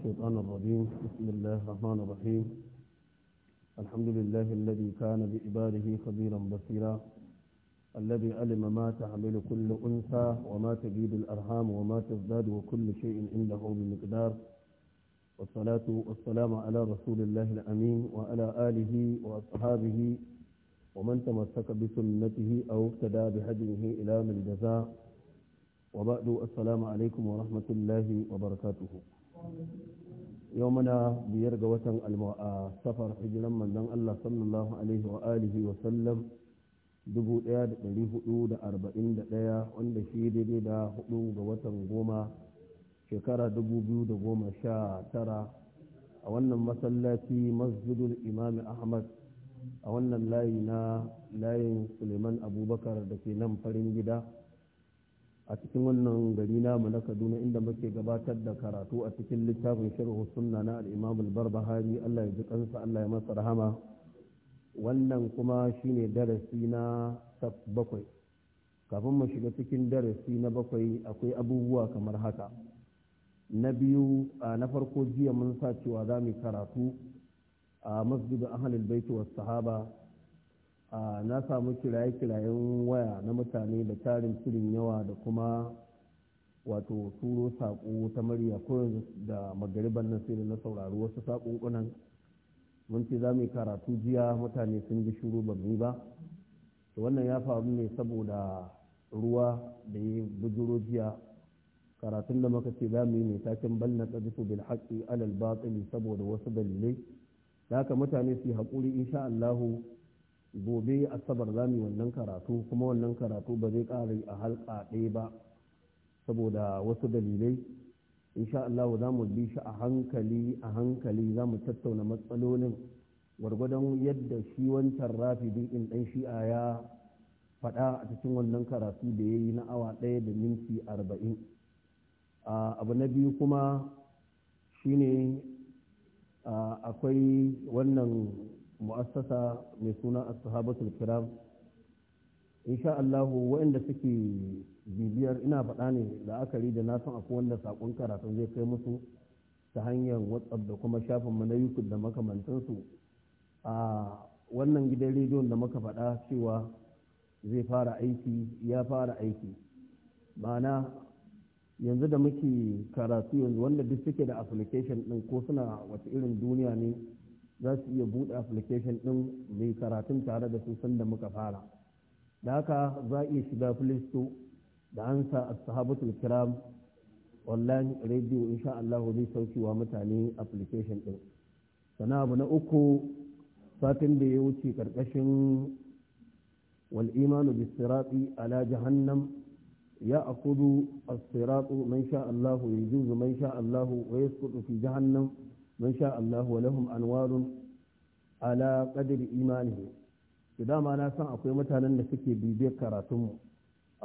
الشيطان الرجيم بسم الله الرحمن الرحيم الحمد لله الذي كان بإباده خبيرا بصيرا الذي علم ما تعمل كل أنثى وما تجيد الأرحام وما تزداد وكل شيء عنده بمقدار والصلاة والسلام على رسول الله الأمين وعلى آله وأصحابه ومن تمسك بسنته أو اقتدى بهديه إلى من الجزاء وبعد السلام عليكم ورحمة الله وبركاته yau muna biyar ga watan alma'a safar hijiran manzon Allah sallallahu alaihi wa alihi wa sallam 1441 wanda shi daidai da hudu ga watan goma shekara da goma sha tara, a wannan masallaci masjidul imam ahmad a wannan layi na layin suleiman abubakar da ke nan farin gida a cikin wannan gari namu na Kaduna inda muke gabatar da karatu a cikin littafin sharhu sunna na al barbahari Allah ya ji kansa Allah ya masa rahama wannan kuma shine darasi na bakwai kafin mu shiga cikin darasi na bakwai akwai abubuwa kamar haka na biyu na farko jiya mun sa cewa za mu karatu a masjid ahalin bait wa sahaba na samu kiraye-kirayen waya na mutane da tarin shirin yawa da kuma wato turo saƙo ta murya ko yanzu da magariban nan sai da na saurari wasu saƙunƙunan mun ce za mu yi karatu jiya mutane sun ji shuru ba mu ba wannan ya faru ne saboda ruwa da ya bujuro jiya karatun da muka ce za mu yi mai takin bal na bil haƙƙi alal saboda wasu dalilai da haka mutane su yi haƙuri insha Allahu gobe asabar za mu wannan karatu kuma wannan karatu ba zai ƙara a halka ɗaya ba saboda wasu dalilai insha Allah za mu bi shi a hankali a hankali za mu tattauna matsalolin gwargwadon yadda shi wancan rafi in ɗan shi'a ya faɗa a cikin wannan karatu da ya yi na awa ɗaya da minti arba'in abu na biyu kuma shine akwai wannan mu'assasa mai suna a sahabatul kiram insha Allah waɗanda suke bibiyar ina faɗa ne la'akari da na san akwai wanda sakon karatun zai kai musu ta hanyar whatsapp da kuma shafin mu na youtube da makamantansu a wannan gidan rediyon da muka faɗa cewa zai fara aiki ya fara aiki ma'ana yanzu da muke karatu yanzu wanda duk suke da application ɗin ko suna wata irin duniya ne za su iya buɗe application ɗin mai karatun tare da su sanda muka fara da haka za a iya shiga filisto da an sa sahabatul kiram online radio insha Allah zai saukewa mutane application ɗin sana abu na uku satin da ya wuce karkashin wal imanu bis sirati ala jahannam يأخذ الصراط من ya الله ويجوز من شاء الله ويسقط في جهنم mun sha Allah wa anwarun ala qadri imanihi to dama na san akwai mutanen da suke bibiyar karatunmu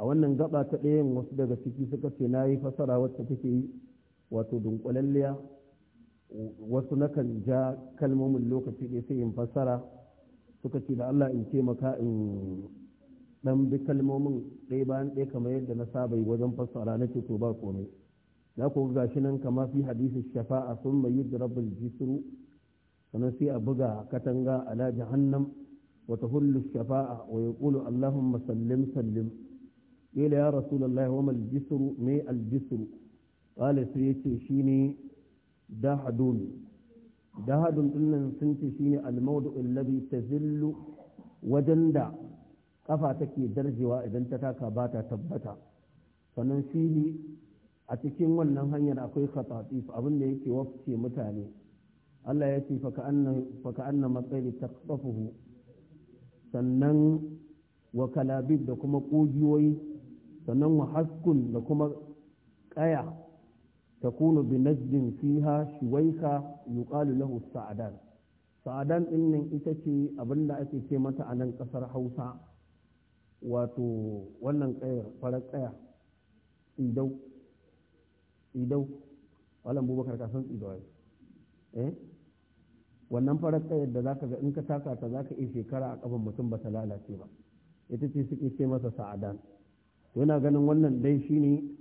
a wannan gaba ta ɗayan wasu daga ciki suka ce na yi fasara wacce take yi wato dunkulalliya wasu nakan ja kalmomin lokaci ɗaya sai in fassara suka ce da Allah in taimaka in ɗan bi kalmomin ɗaya bayan ɗaya kamar yadda na saba yi wajen fassara na ce to ba komai za ku ga shi nan kama fi hadisi shafa'a sun mai yudrabul jisiru sannan sai a buga katanga ala jahannam wata tahullu shafa'a wa yaqulu allahumma sallim sallim ila ya rasulullahi wa mal Jisiru me al jisru qala sai yace shine dahadun dahadun ɗinnan sun ce shine al mawdu'u ta zillu wajen da kafa take darjewa idan ta taka ba ta tabbata sannan ne. a cikin wannan hanyar akwai khatatif abin da yake wafce mutane Allah ya ce faka anna matsayi ta sannan wa kalabib da kuma ƙugiyoyi sannan wa haskun da kuma ƙaya ta kuna binajdin fiha shuwaika yuqalu lahu sa'adan sa'adan din nan ita ce abin da ake ce mata a nan ƙasar hausa wato wannan ƙayar farar ƙaya idau tsidau malam bubakar ka san tsidau eh wannan farar kayar da zaka ga in ka taka ta zaka iya shekara a kafan mutum ba ta lalace ba ita ce suke ce masa sa'adan to yana ganin wannan dai shine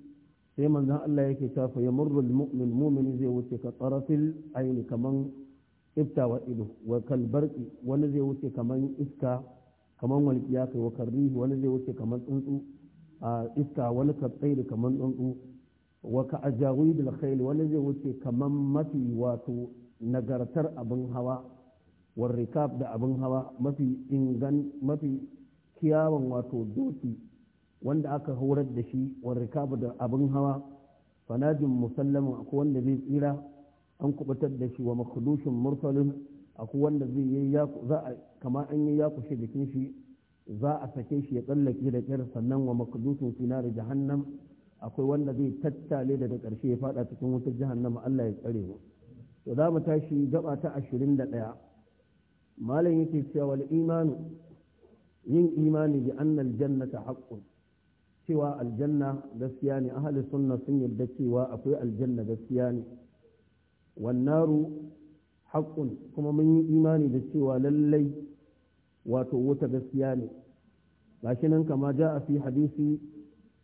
sai manzon Allah yake ta fa yamurru almu'min mumin zai wuce ka tarafil ayni kaman ifta wa ido wa kalbarki wani zai wuce kaman iska kaman walqiya kai wa karrihi wani zai wuce kaman tsuntsu a iska wani ka tsairi kaman tsuntsu waka a ajawi bil khayl wani zai wuce kaman mafi wato nagartar abin hawa war rikab da abin hawa mafi ingan mafi kiyawan wato doki wanda aka horar da shi war rikab da abin hawa fanajin musallama akwai wanda zai tsira an kubutar da shi wa makhdushin mursalin akwai wanda zai yi za a kama an yi ya kushe jikin shi za a sake shi ya tsallake da kyar sannan wa makhdushin sinar jahannam akwai wanda zai tattale daga ƙarshe ya fada cikin wutar jahannama Allah ya tsare mu to za mu tashi gaba ta 21 malam yake cewa wal imanu yin imani bi anna al jannata haqqun cewa aljanna gaskiya ne ahli sunna sun yarda cewa akwai aljanna gaskiya ne wan naru haqqun kuma mun yi imani da cewa lallai wato wuta gaskiya ne gashi nan kama ja a fi hadisi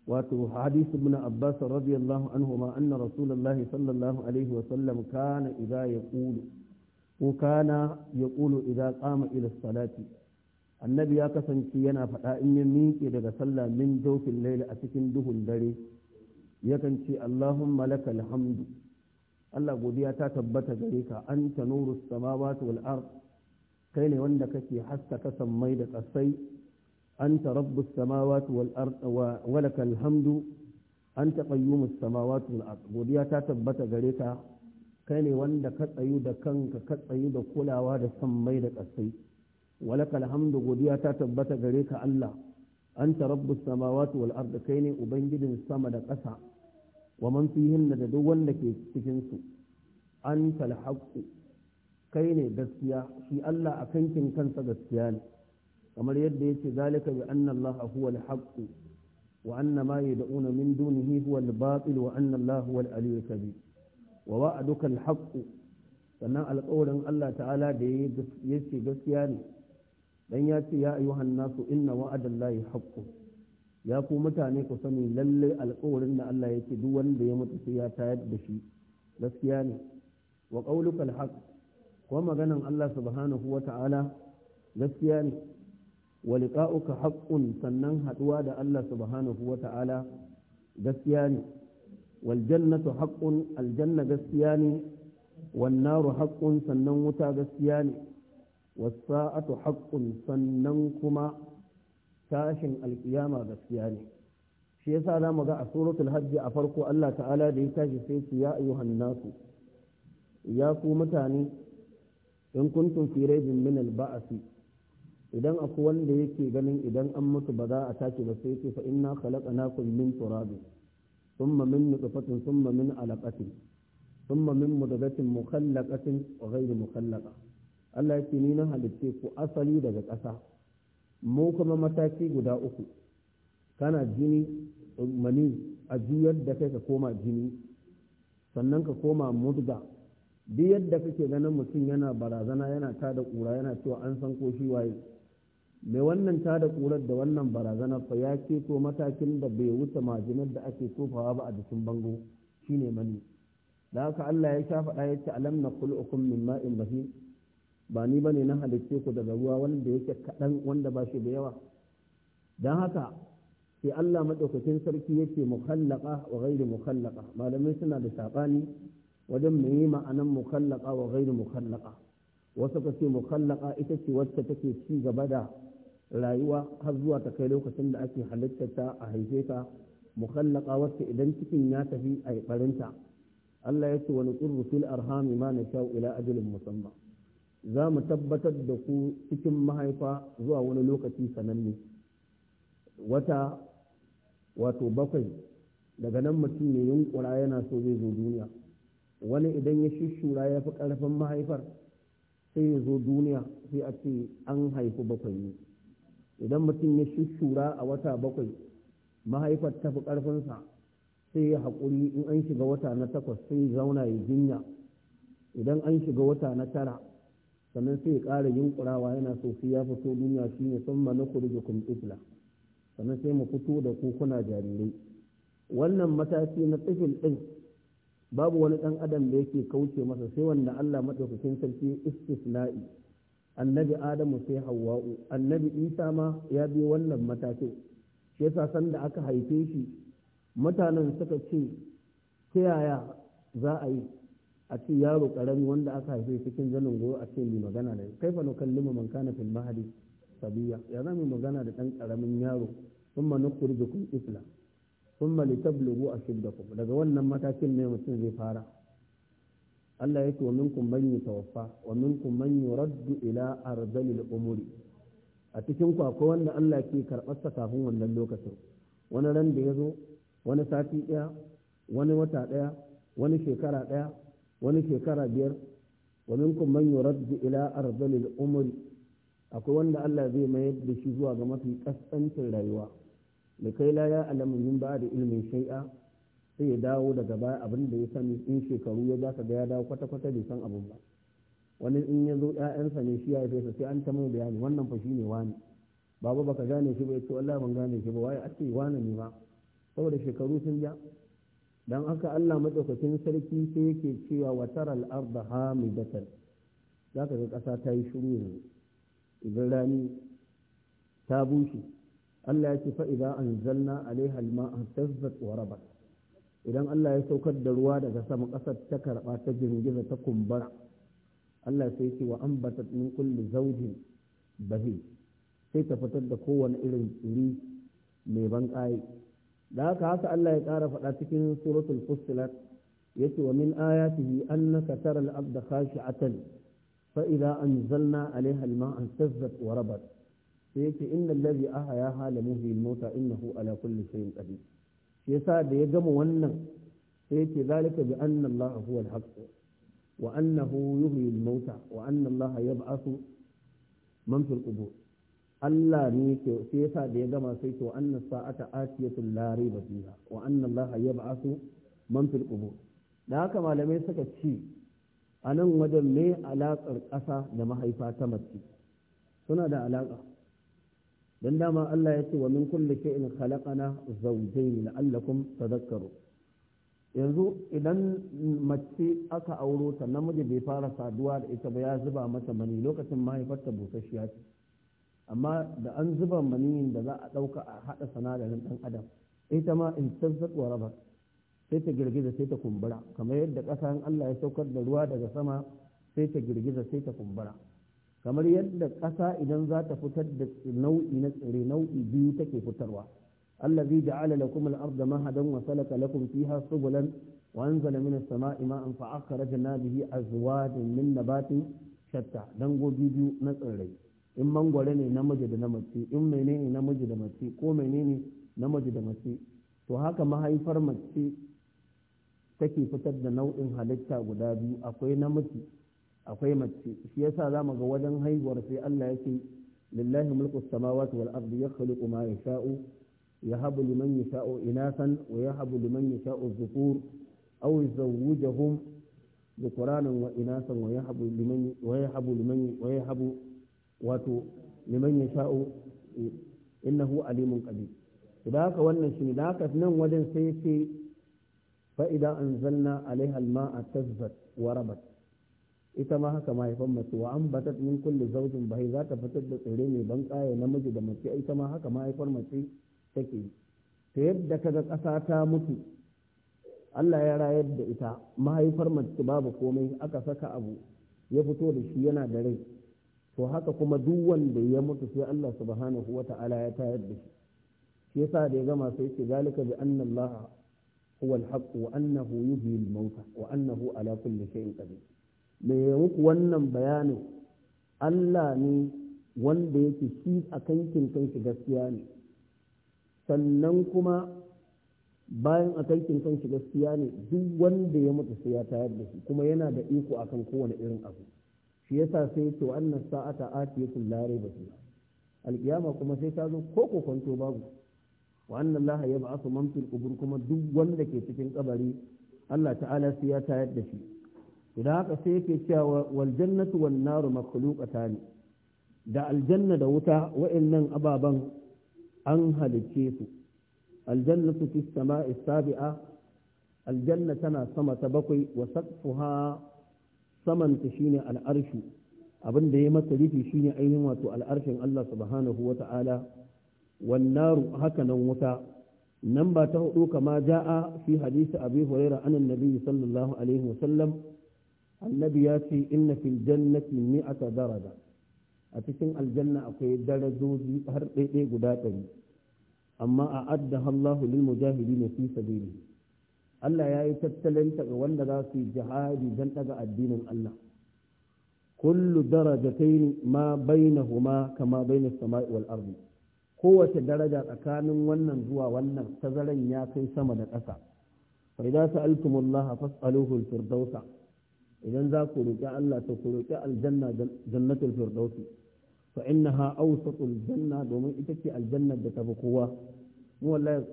wato hadisi ibn abbas radiyallahu anhu ma anna rasulullahi sallallahu alaihi wa sallam kana idza yaqulu ko kana yaqulu idza qama ila salati annabi ya kasance yana faɗa in ya miƙe daga sallah min jawfil layli a cikin duhun dare yakan ce allahumma lakal hamdu Allah godiya ta tabbata gare ka anta nurus samawati wal ard kai ne wanda kake haskaka sammai da ƙasai أنت رب السماوات والأرض ولك الحمد أنت قيوم السماوات والأرض godiya ta tabbata gare ka kai ne wanda ka tsayu da kanka ka tsayu da kulawa da sammai da ƙasai walaka alhamdu godiya ta tabbata gare ka Allah anta rabbus samawati wal ardi kai ne ubangijin sama da ƙasa wa man fihinna da duk wanda ke cikin su anta alhaq kai ne gaskiya shi Allah a kankin kansa gaskiya ne kamar yadda yake zalika bi anna Allah huwa al-haqq wa anna ma yad'una min dunihi huwa al-batil wa anna Allah huwa al-aliyyu kabir wa wa'aduka al-haqq sannan alƙawarin Allah ta'ala da yake gaskiya ne dan ya ce ya ayyuhan nasu inna wa'adallahi haqqun ya ku mutane ku sani lalle alƙawarin da Allah yake duk wanda ya mutu sai ya tayar da shi gaskiya ne wa qauluka al-haqq kuma maganan Allah subhanahu wa ta'ala gaskiya ne wa liqa'uka sannan haɗuwa da Allah subhanahu wa ta'ala gaskiya ne wal jannatu aljanna gaskiya ne wan haƙƙun sannan wuta gaskiya ne was sa'atu sannan kuma tashin alƙiyama gaskiya ne shi yasa za mu ga a suratul hajji a farko Allah ta'ala da ya tashi sai su ya ayyuhan nasu ya ku mutane in kuntum fi raibin min al-ba'si idan akwai wanda yake ganin idan an mutu ba za a tashi ba sai yake fa inna khalaqnakum min turabi thumma min nutfatin thumma min alaqatin thumma min mudghatin mukhallaqatin wa ghayri mukhallaqa Allah yake ni na halitte ku asali daga ƙasa mu kuma mataki guda uku kana jini mani a juyar da kai ka koma jini sannan ka koma mudga duk yadda kake ganin mutum yana barazana yana tada ƙura yana cewa an san ko shi waye mai wannan ta da ƙurar da wannan barazanar fa ya ceto matakin da bai wuce majinar da ake tofawa ba a jikin bango shine mani da haka Allah ya sha faɗa ya ce alam na kul'ukum min ma'in ba ni bane na halitte ku daga ruwa wanda yake kaɗan wanda ba shi da yawa don haka sai Allah maɗaukakin sarki yake mukallaka wa ghairi mukallaka malamai suna da saɓani wajen mai yi ma'anan mukallaka wa ghairi mukallaka wasu ka ce mukallaka ita ce wacce take ci gaba da rayuwa har zuwa ta kai lokacin da ake ta a haife ta mukhallaqa wacce idan cikin ya tafi a barinta Allah ya ce wani qurru fil arhami ma nasha'u ila ajalin musamma za mu tabbatar da ku cikin mahaifa zuwa wani lokaci sananne wata wato bakwai daga nan mutum ne yunkura yana so zai zo duniya wani idan ya shishura ya fi ƙarfin mahaifar sai ya zo duniya sai a ce an haifi bakwai ne idan mutum ya shushura a wata bakwai mahaifar tafi ƙarfinsa sai ya haƙuri in an shiga wata na takwas sai zauna ya jinya idan an shiga wata na tara sannan sai ya ƙara yunƙurawa yana so sai ya fito duniya shi ne sun ma na kun ifla sannan sai mu fito da ku kuna jarirai wannan mataki na tsifil ɗin babu wani ɗan adam da yake kauce masa sai wanda Allah maɗaukakin sarki istisna'i annabi adamu sai hawa'u annabi isa ma ya bi wannan matakin shi yasa sanda aka haife shi mutanen suka ce ta yaya za a yi a ce yaro karami wanda aka haife cikin zanin goro a ce mai magana da kai fa nukallimu man kana fil mahadi sabiya ya za mu magana da dan karamin yaro thumma nukhrijukum ifla thumma litablugu ashiddakum daga wannan matakin ne mutum zai fara Allah yake wa minkum man yutawaffa wa minkum man yuraddu ila ardalil umuri a cikin ku akwai wanda Allah ke karɓar sa kafin wannan lokacin wani ran da ya zo wani sati ɗaya wani wata ɗaya wani shekara ɗaya wani shekara biyar wa minkum man yuraddu ila ardalil umuri akwai wanda Allah zai mayar da shi zuwa ga mafi kasancin rayuwa kai la ya alamu min ba da ilmin shai'a sai ya dawo daga baya abin da ya sani in shekaru ya ja ka ga ya dawo kwata-kwata bai san abin ba wani in ya zo ƴaƴansa ne shi ya haife sa sai an ta mai bayani wannan fa shine wani baba baka gane shi ba yace wallahi ban gane shi ba waye ake wani ne ma saboda shekaru sun ja dan haka Allah madaukakin sarki sai yake cewa wa taral arda hamidatan zaka ga kasa ta yi shiru yanzu idan rani ta bushe Allah ya ce fa an anzalna alaiha al-ma'a tazzat wa rabat idan Allah ya saukar da ruwa daga sama ƙasar ta karɓa ta girgiza ta kumbura Allah sai ce wa ambatat min kulli zawjin bahi sai ta fitar da kowane irin tsiri mai ban da haka haka Allah ya ƙara faɗa cikin suratul fussilat yace wa min ayatihi annaka taral abda khashi'atan fa idza anzalna 'alayha al-ma'a ihtazzat wa rabat sai yace innal ladhi ahyaha lamuhyi al-mauta innahu ala kulli shay'in qadir shi yasa da ya gama wannan sai ce zalika bi anna Allah huwa al wa annahu yuhyi al-mauta wa anna Allah yab'athu man fil qubur Allah ne ke sai yasa da ya gama sai to anna sa'ata atiyatul la riba fiha wa anna Allah yab'athu man fil qubur da haka malamai suka ci a nan wajen me alaƙar ƙasa da mahaifa ta mace suna da alaƙa don dama Allah ya ce wa min kulli shay'in khalaqana zawjayn la'allakum tadhakkaru yanzu idan mace aka auro ta namiji bai fara saduwa da ita ba ya zuba mata mani lokacin mahaifarta busasshiya ce amma da an zuba maniyin da za a ɗauka a haɗa sanadarin ɗan adam ita ma in tazzat wa sai ta girgiza sai ta kumbura kamar yadda ƙasa in Allah ya saukar da ruwa daga sama sai ta girgiza sai ta kumbura kamar yadda ƙasa idan za ta fitar da nau'i na tsire nau'i biyu take fitarwa allazi ja'ala lakum al-ardha mahadan wa salaka lakum fiha subulan wa anzala minas sama'i ma'an fa akhrajna bihi azwajan min nabati shatta gobi biyu na tsirrai in mangware ne namiji da na mace in menene namiji da mace ko menene namiji da mace to haka mahaifar mace take fitar da nau'in halitta guda biyu akwai namiji akwai mace shi yasa zamu ga wajen haihuwar sai Allah yake lillahi mulku samawati wal ardi yakhluqu ma yasha'u yahabu liman yasha'u inasan wa yahabu liman yasha'u dhukur aw yuzawwijuhum dhukuranan wa inasan wa yahabu liman wa yahabu liman wa yahabu wato liman yasha'u innahu alimun qadir idan haka wannan shi da haka nan wajen sai sai fa idan anzalna alaiha al-ma'a tazbat wa rabat ita ma haka mahaifan mace wa an batat min kulli zaujin bai za ta fitar da tsere mai ban kaya namiji da mace ita ma haka mahaifar mace take ta yadda kaga ƙasa ta mutu Allah ya rayar da ita mahaifar mace babu komai aka saka abu ya fito da shi yana da rai to haka kuma duk wanda ya mutu sai Allah subhanahu wa ta'ala ya tayar da shi shi yasa da ya gama sai ce zalika bi anna Allah huwa al-haqq wa annahu yuhyi al-mauta wa annahu ala kulli shay'in qadir da ya muku wannan bayanin Allah ne wanda yake shi a kankin kanshi gaskiya ne sannan kuma bayan a kankin kanshi gaskiya ne duk wanda ya mutu sai ya tayar da shi kuma yana da iko akan kowane irin abu shi yasa sai ce wannan sa'ata atiyatul lare rayba fiha alƙiyama kuma sai ta zo ko ko kwanto babu wa laha ya ba su mamfin kuma duk wanda ke cikin kabari Allah ta'ala sai ya tayar da shi idan haka sai yake cewa wal jannatu wan naru makhluqatan da aljanna da wuta wa'annan ababan an halicce su aljannatu fi samai sabi'a aljanna tana sama ta bakwai wa saqfuha saman ta shine al'arshu abin da ya mata rufi shine ainihin wato al'arshin Allah subhanahu wa ta'ala wan naru haka nan wuta nan ba ta hudu kama ja'a fi hadisi abi hurairah anan nabi sallallahu alaihi wa sallam annabi ya ce inna fil jannati mi'ata daraja a cikin aljanna akwai darajoji har ɗaiɗai guda ɗari amma a adda Allahu lil mujahidin fi sabili Allah ya yi tattalin ga wanda za su yi jihadi don daga addinin Allah kullu darajatayn ma bainahuma kama bainas sama'i wal ardi kowace daraja tsakanin wannan zuwa wannan tazaran ya kai sama da ƙasa fa idza sa'altumullaha fas'aluhu al-firdausa idan za ku roƙi Allah ta ku roƙi aljanna jannatul firdausi fa innaha awsatul janna domin ita ce aljanna da tafi kowa mu wallahi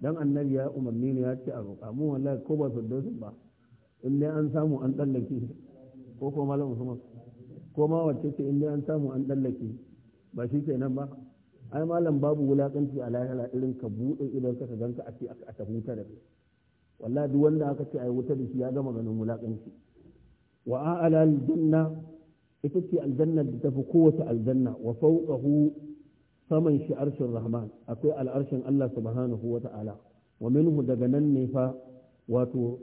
dan annabi ya umarni ne ya ce a roƙa mu wallahi ko ba firdausi ba in dai an samu an tsallake ko ko malam Usman ko ma wacce ce in dai an samu an tsallake ba shi kenan ba ai malam babu wulakanci a lahira irin ka buɗe idan ka ganka a ce a ta huta da kai wallahi duk wanda aka ce ai wuta da shi ya gama ganin wulakanci wa a'ala aljanna ita ce aljanna da tafi kowace aljanna wa fawqahu saman shi arshin rahman akwai al'arshin Allah subhanahu wa ta'ala wa minhu daga nan ne fa wato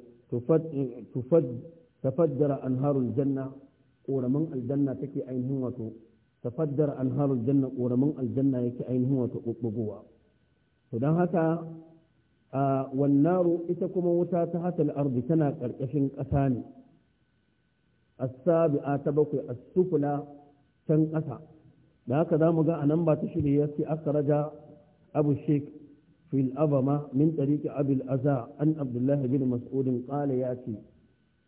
tafaddara anharul janna ƙoramin aljanna take ainihin wato tafaddara anharul janna ƙoramin aljanna yake ainihin wato ɓuɓɓugowa to don haka a wannaru ita kuma wuta ta hatal ardi tana ƙarƙashin ƙasa ne as-sabi'a ta bakwai a sufla can ƙasa da haka zamu ga anan ba ta shirya shirye yake akraja abu sheik fil abama min tariqi abul aza an abdullah bin mas'ud qala yati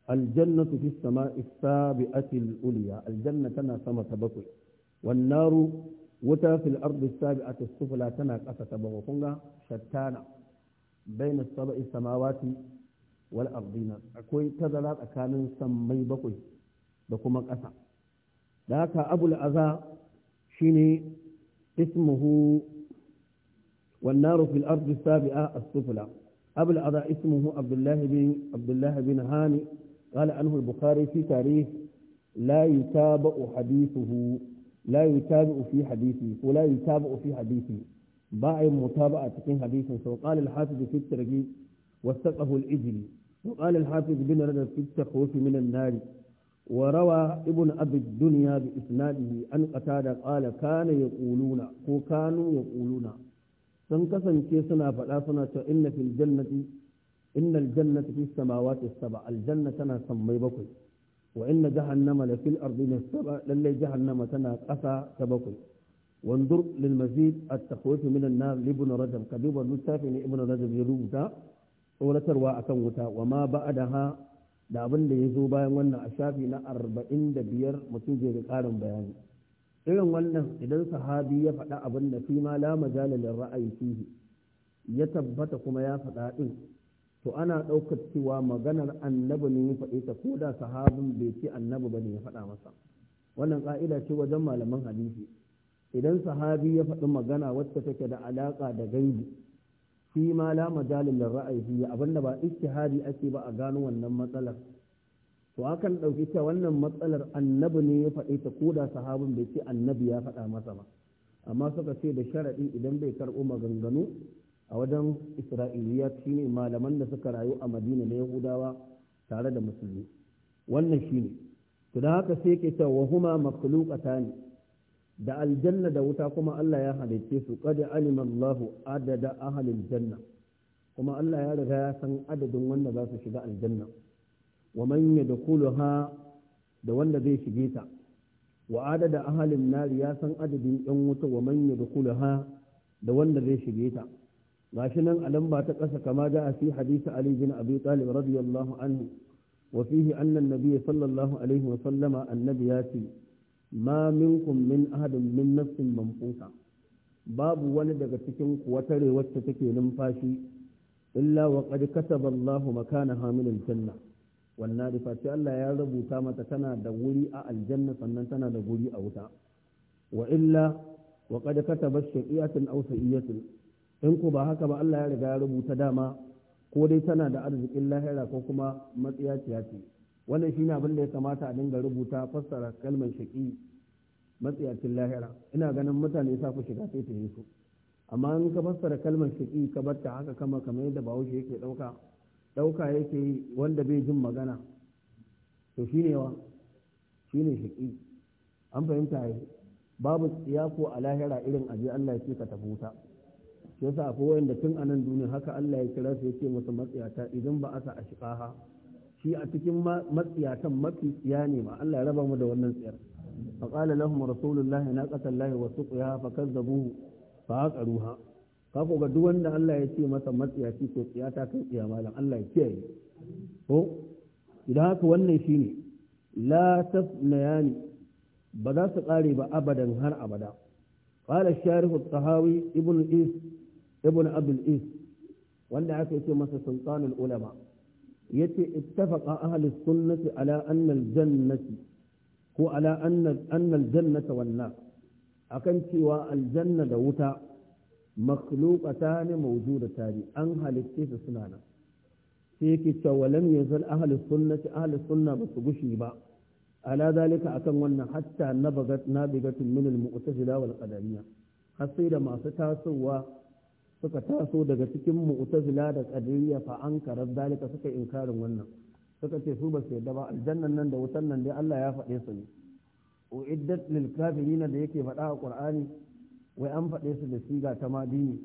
الجنة في السماء Aljanna tana sama تنا سما تبكوي والنار wuta fil ardi sabi'atu sufla tana ƙasa ta bawa kun ga shattana baina sab'i samawati wal ardina akwai tazara tsakanin sammai bakwai da kuma ƙasa da haka abul aza shi ne ismuhu wannan rufin arzikin sabi'a a sufula abul aza ismuhu abdullahi bin abdullahi bin hani qala anhu al-bukhari fi tarih la yutaba'u hadithuhu la yutaba'u fi hadithi ko la yutaba'u fi hadithi ba ai mutaba'a cikin hadisin sa qala al-hafiz fi tarihi wastaqahu al-ijli wa qala al-hafiz bin radd fi min an-nari وروى ابن أبي الدنيا بإسناده أن قتادة قال كان يقولون كو كانوا يقولون سنكسن كيسنا فلا سنة إن في الجنة إن الجنة في السماوات السبع الجنة تنا سمي بكي وإن جهنم لفي الأرض السبع للي جهنم تنا قسى تبكي وانظر للمزيد التخويف من النار لابن رجب كذب المستافي ابن رجب يروتا ولتروى أكوتا وما بعدها da abin da ya zo bayan wannan a shafi na arba'in da biyar mutum zai ga ƙarin bayani irin wannan idan sahabi ya faɗa abin da fi ma la majalalin ra'ayi fihi ya tabbata kuma ya faɗa ɗin to ana ɗaukar cewa maganar annabi ne ya faɗe ta ko da sahabin bai ci annabi ba ne ya faɗa masa wannan ƙa'ida ce wajen malaman hadisi idan sahabi ya faɗi magana wacce take da alaƙa da gaibi fi ma la majalin da ra'ayi abinda ba istihari ake ba a gano wannan matsalar to akan ɗauki cewa wannan matsalar annabi ne ya faɗi ta koda sahabin bai ce annabi ya faɗa masa ba amma suka ce da sharaɗi idan bai karɓo maganganu a wajen isra'iliya shine malaman da suka rayu a madina na yahudawa tare da musulmi wannan shine to da haka sai ke cewa huma makhluqata ne da aljanna da wuta kuma Allah ya halicce su qad alima Allahu adada ahlil janna kuma Allah ya riga ya san adadin wanda za su shiga aljanna wa man yadkhuluha da wanda zai shige ta wa adada ahlin nar ya san adadin yan wuta wa man yadkhuluha da wanda zai shige ta gashi nan a lamba ta ƙasa kama da a fi hadisi Ali bin Abi Talib radiyallahu anhu wa fihi anna an-nabiy sallallahu alaihi wa sallama annabi ya ce ma minkum min ahadin min nafsin manfusa babu wani daga cikin kuwatare wacce take numfashi illa wa qad kataba Allahu makana hamilin janna wannan da fati Allah ya rubuta mata tana da wuri a aljanna sannan tana da wuri a wuta wa illa wa qad kataba shaqiyatan aw sa'iyatan in ku ba haka ba Allah ya riga ya rubuta dama ko dai tana da arzikin lahira ko kuma matsiya ce wannan shine abin da ya kamata a dinga rubuta fassara kalmar shaqi matsiyacin lahira ina ganin mutane sa ku shiga sai ta su amma in ka fassara kalmar shiƙi ka batta haka kama kamar yadda bahaushe yake ɗauka ɗauka yake yi wanda bai jin magana to shi ne wa ne shiƙi an fahimta yi babu tsiya ko a lahira irin aje Allah ya ce ka tafi wuta shi yasa akwai wanda tun a nan duniya haka Allah ya kira su yake musu matsiyata idan ba a sa a shi a cikin matsiyatan mafi tsiya ne ma Allah ya raba mu da wannan tsiyar فقال لهم رسول الله ناقة الله وسقيها فكذبوه فعقروها ka ko ga duk wanda Allah ya ce masa matsiyaci to tsiya ta kai tsiya malam Allah ya kiyaye ko idan haka wannan shine la tasnayani ba za su kare ba abadan har abada Fala sharif at-tahawi ibn is ibn wanda aka ce masa sultanul ulama yace ittafaqa ahlus sunnati ala anna al-jannati ko ala annal jannata wannan akan cewa aljanna da wuta makhluqata ne da tari an halitte su suna nan sai yake cewa lam yazal ahlus sunnati sunna ba su gushi ba ala zalika akan wannan hatta nabagat nabigatun min al mu'tazila wal qadariyya har sai da masu tasowa suka taso daga cikin mu'tazila da qadariyya fa ankarar zalika suka inkarin wannan suka ce su ba su yadda ba aljannan nan da wutan nan dai Allah ya faɗe su ne uiddat lil kafirin da yake faɗa a qur'ani wai an faɗe su da siga ta madini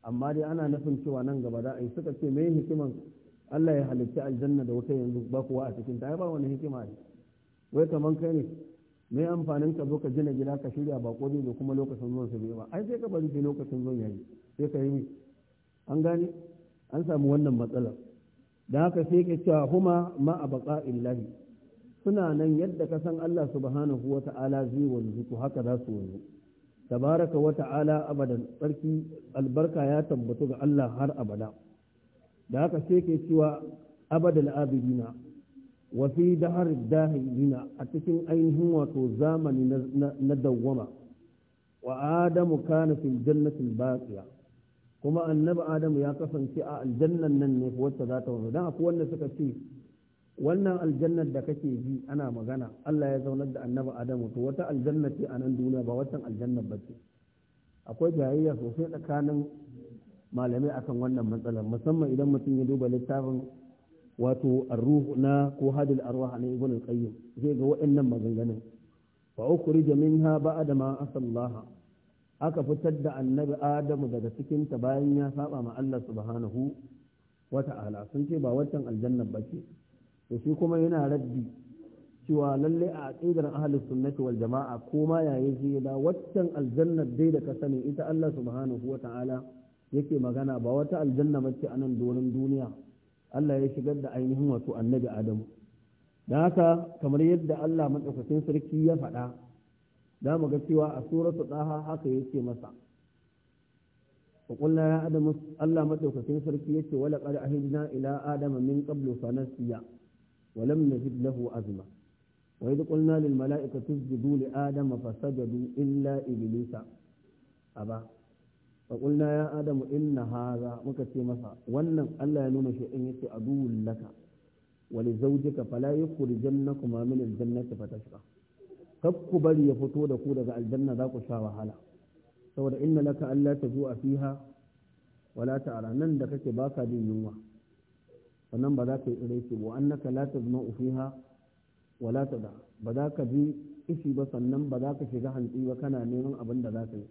amma dai ana nufin cewa nan gaba da ai suka ce me hikiman Allah ya halitta aljanna da wuta yanzu ba kuwa a cikin ta ba wani hikima ne wai kaman kai ne me amfanin ka zo ka gina gida ka shirya bako ne da kuma lokacin zuwan su ba ai sai ka bari sai lokacin zuwan yayi sai ka yi an gane an samu wannan matsalar da haka sai ka cewa huma ma a baka illahi suna nan yadda ka san Allah subhanahu wa ta'ala zai wanzu ku haka za su wanzu tabaraka wa ta'ala abadan tsarki albarka ya tabbatu ga Allah har abada da haka sai ka cewa abadal abidina wa fi dahar dahilina a cikin ainihin wato zamani na dawwama wa adamu kana fil jannatil baqiya kuma annabi adamu ya kasance a aljannan nan ne wacce za ta wanzu don akwai wanda suka ce wannan aljannar da kake ji ana magana Allah ya zaunar da annabi adamu to wata aljanna ce a nan duniya ba wancan aljannar ba ce akwai jayayya sosai tsakanin malamai akan wannan matsalar musamman idan mutum ya duba littafin wato arruh na ko hadil arwah na ibn al-qayyim zai ga waɗannan maganganun fa ukhrija minha ba'da ma asallaha aka fitar da annabi adamu daga cikinta bayan ya saba ma Allah subhanahu wa ta'ala sun ce ba waccan aljanna ba ce to shi kuma yana raddi cewa lalle a aqidar ahlus sunnati wal jama'a ko ma yayi shi da waccan aljanna dai da ka sani ita Allah subhanahu wa ta'ala yake magana ba wata aljanna mace a nan doron duniya Allah ya shigar da ainihin wato annabi adamu da haka kamar yadda Allah madaukakin sarki ya faɗa da mu ga cewa a suratul daha haka yake masa wa ya adam Allah madaukakin sarki yace wala qad ahidna ila adama min qablu fa nasiya wa lam najid lahu azma wa id qulna lil malaikati isjudu li adam illa iblisa aba wa qulna ya adam inna hadha muka ce masa wannan Allah ya nuna shi in yace adu laka wa li zawjika fala yukhrijannakuma min al-jannati fatashqa ku bari ya fito da ku daga aljanna za ku sha wahala saboda inna laka Allah ta zuwa fiha wala ta'ala nan da kake baka jin yunwa sannan ba za ka yi tsire ce wa annaka la tazma'u fiha wala da. ba za ka ji ishi ba sannan ba za ka shiga hantsi ba kana neman abin da za ka yi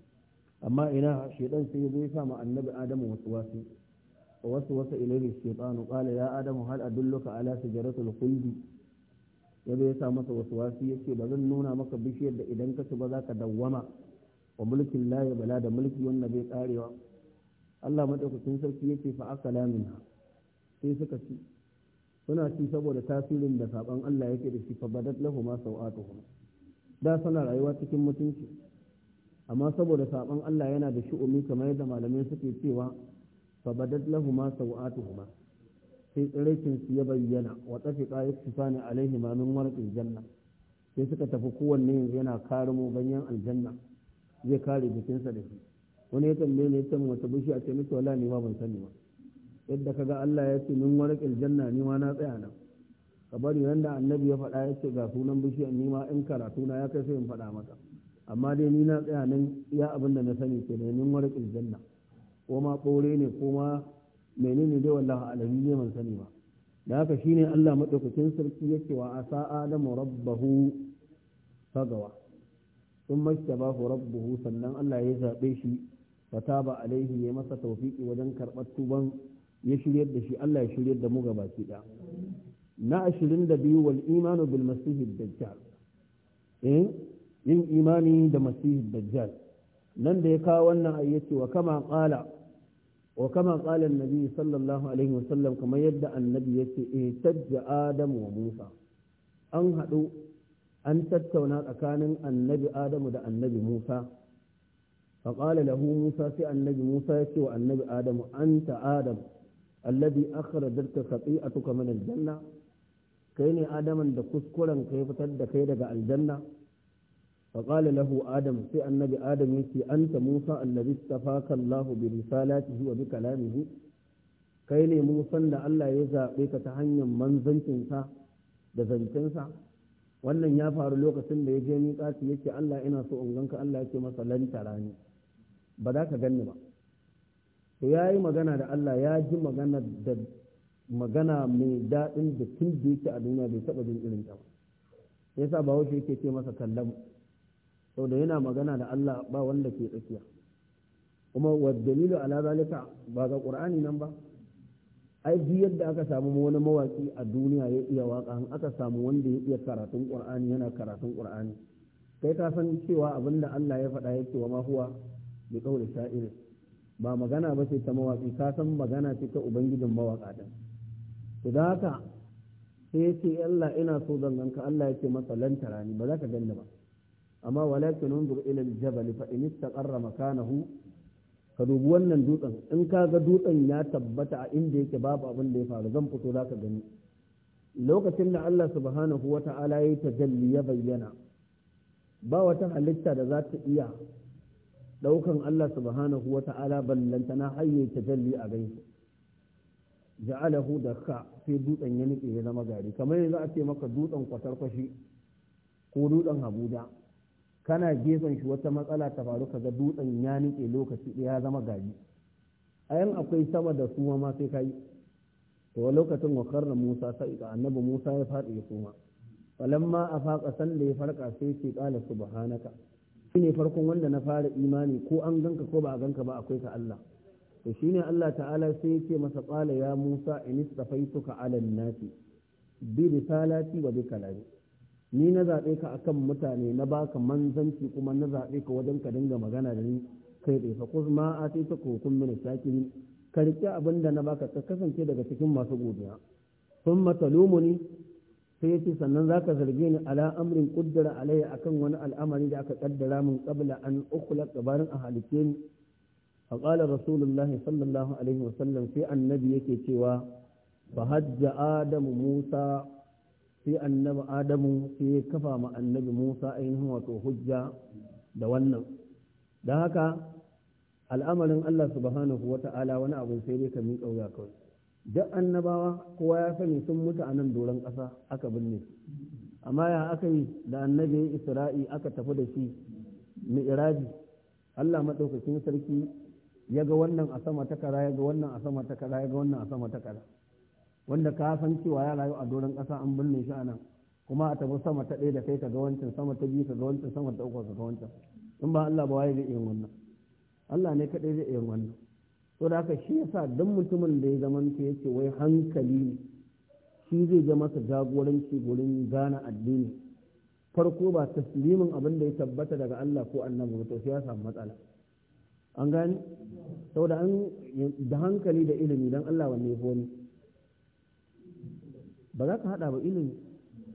amma ina shedan sai zai sa ma annabi adamu wasu wasu wasu wasu ilaihi shaytanu qala ya adamu hal adulluka ala sajaratul khuldi ya zo ya sa masa wasu wasu ya ce ba zan nuna maka bishiyar da idan ka ci ba za ka dawwama wa mulkin laye bala da mulki wanda bai karewa Allah maɗaukacin sarki ya ce fa aka lamina sai suka ci suna ci saboda tasirin da saban Allah yake da shi fa badat lahu ma sau'atuhum da suna rayuwa cikin mutunci amma saboda saban Allah yana da shi shu'umi kamar yadda malamai suke cewa fa badat lahu ma sau'atuhum sai tsirrakin su ya bayyana wa su yaktifani alaihi ma min warƙin janna sai suka tafi kowanne yanzu yana mu ganyen aljanna zai kare jikinsa da shi wani ya tambaye ne ya wata bishiya ce miki wala ni ma ban sani ba yadda kaga Allah ya ce min warƙin janna ni ma na tsaya nan bari yadda annabi ya faɗa ya ce ga sunan bishiyar nima in karatu na ya kai sai in faɗa maka amma dai ni na tsaya nan ya abin da na sani ke da min warƙin janna ko ma ɓore ne ko ma menene dai wallahu alamin ne man sani ba da haka shine Allah madaukakin sarki yake wa asa adamu rabbahu fagawa thumma istabahu rabbuhu sannan Allah ya zaɓe shi fataba alaihi ya masa tawfiki wajen karbar tuban ya shiryar da shi Allah ya shiryar da mu gabaki da. na 22 wal imanu bil masihid dajjal eh yin imani da masihid dajjal nan da ya kawo wannan ayyace wa kama qala wa kama qala annabi sallallahu alaihi wa sallam kamar yadda annabi yace e eh, tajja adamu wa musa an hadu an tattauna tsakanin annabi adamu da annabi musa fa qala lahu musa sai annabi musa yace wa annabi adamu anta adam alladhi akhrajta khati'atuka min al-janna kai ne adaman da kuskuren kai fitar da kai daga aljanna فقال له آدم في النبي آدم يتي أنت موسى الذي استفاك الله برسالاته وبكلامه kai ne musan da Allah ya zaɓe ka ta hanyar manzancinsa da zancensa wannan ya faru lokacin da ya je miƙati yake Allah ina so in ganka Allah yake masa lantara ne ba za ka ganni ba to ya yi magana da Allah ya ji magana da magana mai daɗin da tun da a duniya bai taɓa jin irin ta ba yasa ba wace yake ce masa kallon. sau da yana magana da Allah ba wanda ke tsakiya kuma wa dalilu ala zalika ba ga qur'ani nan ba ai duk yadda aka samu wani mawaki a duniya ya iya waka an aka samu wanda ya iya karatun qur'ani yana karatun qur'ani kai ka san cewa da Allah ya faɗa yake wa ma huwa bi qawli sha'ir ba magana ba ce ta mawaki ka san magana ce ta ubangijin mawaka din to da haka sai ya ce Allah ina so zan ganka Allah ya ce masa lantara ni ba za ka ganni ba amma walakin unzur ila aljabal fa in istaqarra makanahu ka dubi wannan dutsen in ka ga dutsen ya tabbata a inda yake babu abin da ya faru zan fito ka gani lokacin da Allah subhanahu wa ta'ala ya tajalli ya bayyana ba wata halitta da za ta iya daukan Allah subhanahu wa ta'ala na hayyata tajalli a gaisu ja'alahu da ka sai dutsen ya nike ya zama gari kamar yanzu a ce maka dutsen kwatarkwashi ko dutsen habuda kana gefen shi wata matsala ta faru ka ga dutsen ya nike lokaci ya zama gari yan akwai sama da suma ma sai kai to lokacin wa na Musa sai ka annabi Musa ya faɗi ya suma falamma afaqa sanda ya farka sai ce qala subhanaka shine farkon wanda na fara imani ko an ganka ko ba a ganka ba akwai ka Allah to shine Allah ta'ala sai yake masa qala ya Musa in istafaituka 'ala an-nasi bi risalati wa bi kalami ni na zaɓe ka akan mutane na baka manzanci kuma na zaɓe ka wajen ka dinga magana da ni kai tsaye fa kuma ma a sai ta kokun mini ni ka riƙe abin da na baka ka kasance daga cikin masu godiya sun matalumuni sai yace sannan zaka zarge ni ala amrin qaddara alayya akan wani al'amari da aka kaddara min qabla an ukhlaqa bayan a halice ni فقال رسول الله صلى الله عليه sai annabi النبي يكي cewa bahajja adamu musa. sai annabi adamu sai ya kafa ma annabi musa ainihin wato hujja da wannan don haka al'amarin allah subhanahu wa ta'ala wani abu sai dai ka miƙa wuya kawai duk annabawa kowa ya sani sun mutu a nan doron ƙasa aka binne su amma ya aka yi da annabi isra'i aka tafi da shi mi'raji allah maɗaukakin sarki ya ga wannan a sama ta kara ya ga wannan a sama ta kara ya ga wannan a sama ta kara wanda ka san cewa ya rayu a doron ƙasa an binne shi a nan kuma a tabi sama ta ɗaya da kai ka ga wancan sama ta biyu ka ga wancan sama ta uku ka ga wancan in ba Allah ba waye zai iya wannan Allah ne kaɗai zai iya wannan to da haka shi yasa duk mutumin da ya zamanta yace wai hankali ne shi zai ga masa jagoranci gurin gane addini farko ba taslimin abin da ya tabbata daga Allah ko annabi to shi ya samu matsala an gani saboda an da hankali da ilimi dan Allah wanne ya wani ba za ka haɗa ba ilimi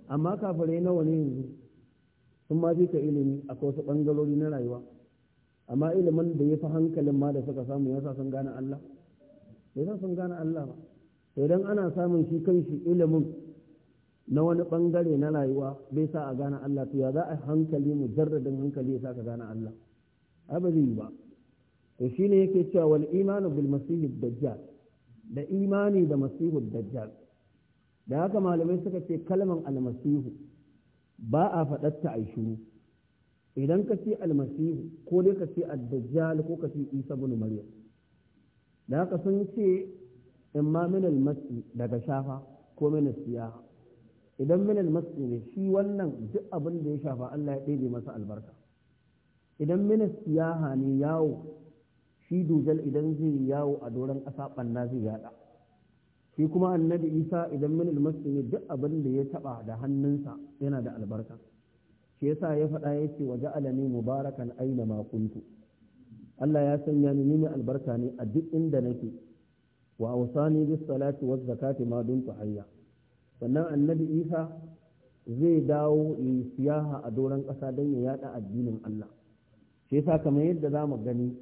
amma kafirai nawa ne yanzu sun ma ka ilimi a wasu bangarori na rayuwa amma ilimin da ya fi hankalin ma da suka samu ya sa sun gane Allah ya sa sun gane Allah ba idan ana samun shi kanshi ilimin na wani bangare na rayuwa bai sa a gane Allah to ya za a hankali mu jarradin hankali ya sa ka gane Allah ai ba zai yi ba to shine yake cewa wal imanu bil masihid dajjal da imani da masihud dajjal da haka malamai suka ce kalman almasihu ba a faɗatta a shiru. idan ka ce almasihu ko dai ka ce addajjal ko ka ce isa bin maryam da haka sun ce in ma min almasi daga shafa ko min siya idan min almasi ne shi wannan duk abin da ya shafa Allah ya ɗebe masa albarka idan min siyaha ne yawo shi dujal idan zai yawo a doron ƙasa ɓanna zai yaɗa shi kuma annabi isa idan min almasini duk abin da ya taba da hannunsa yana da albarka shi yasa ya faɗa ya ce waje alani mubarakan aina ma kuntu Allah ya sanya ni nimi albarka ne a duk inda nake wa awsani bis salati waz zakati ma dumtu hayya sannan annabi isa zai dawo yi siyaha a doron ƙasa don ya yada addinin Allah shi yasa kamar yadda za mu gani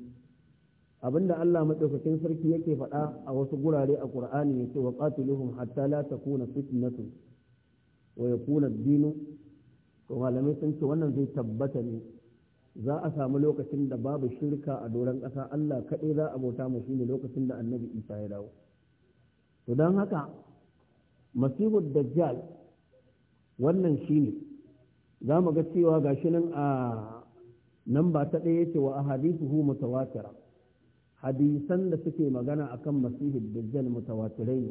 abinda Allah madaukakin sarki yake faɗa a wasu gurare a Qur'ani ce wa qatiluhum hatta la takuna fitnatu wa yakuna ad-dinu to malamai sun ce wannan zai tabbata ne za a samu lokacin da babu shirka a doron ƙasa Allah kaɗai za a bauta mu shine lokacin da Annabi Isa ya dawo to don haka masihu dajjal wannan shine za mu ga cewa gashi nan a nan ta ɗaya ce wa ahadithuhu mutawatira hadisan da suke magana akan masihi dajjal mutawatirai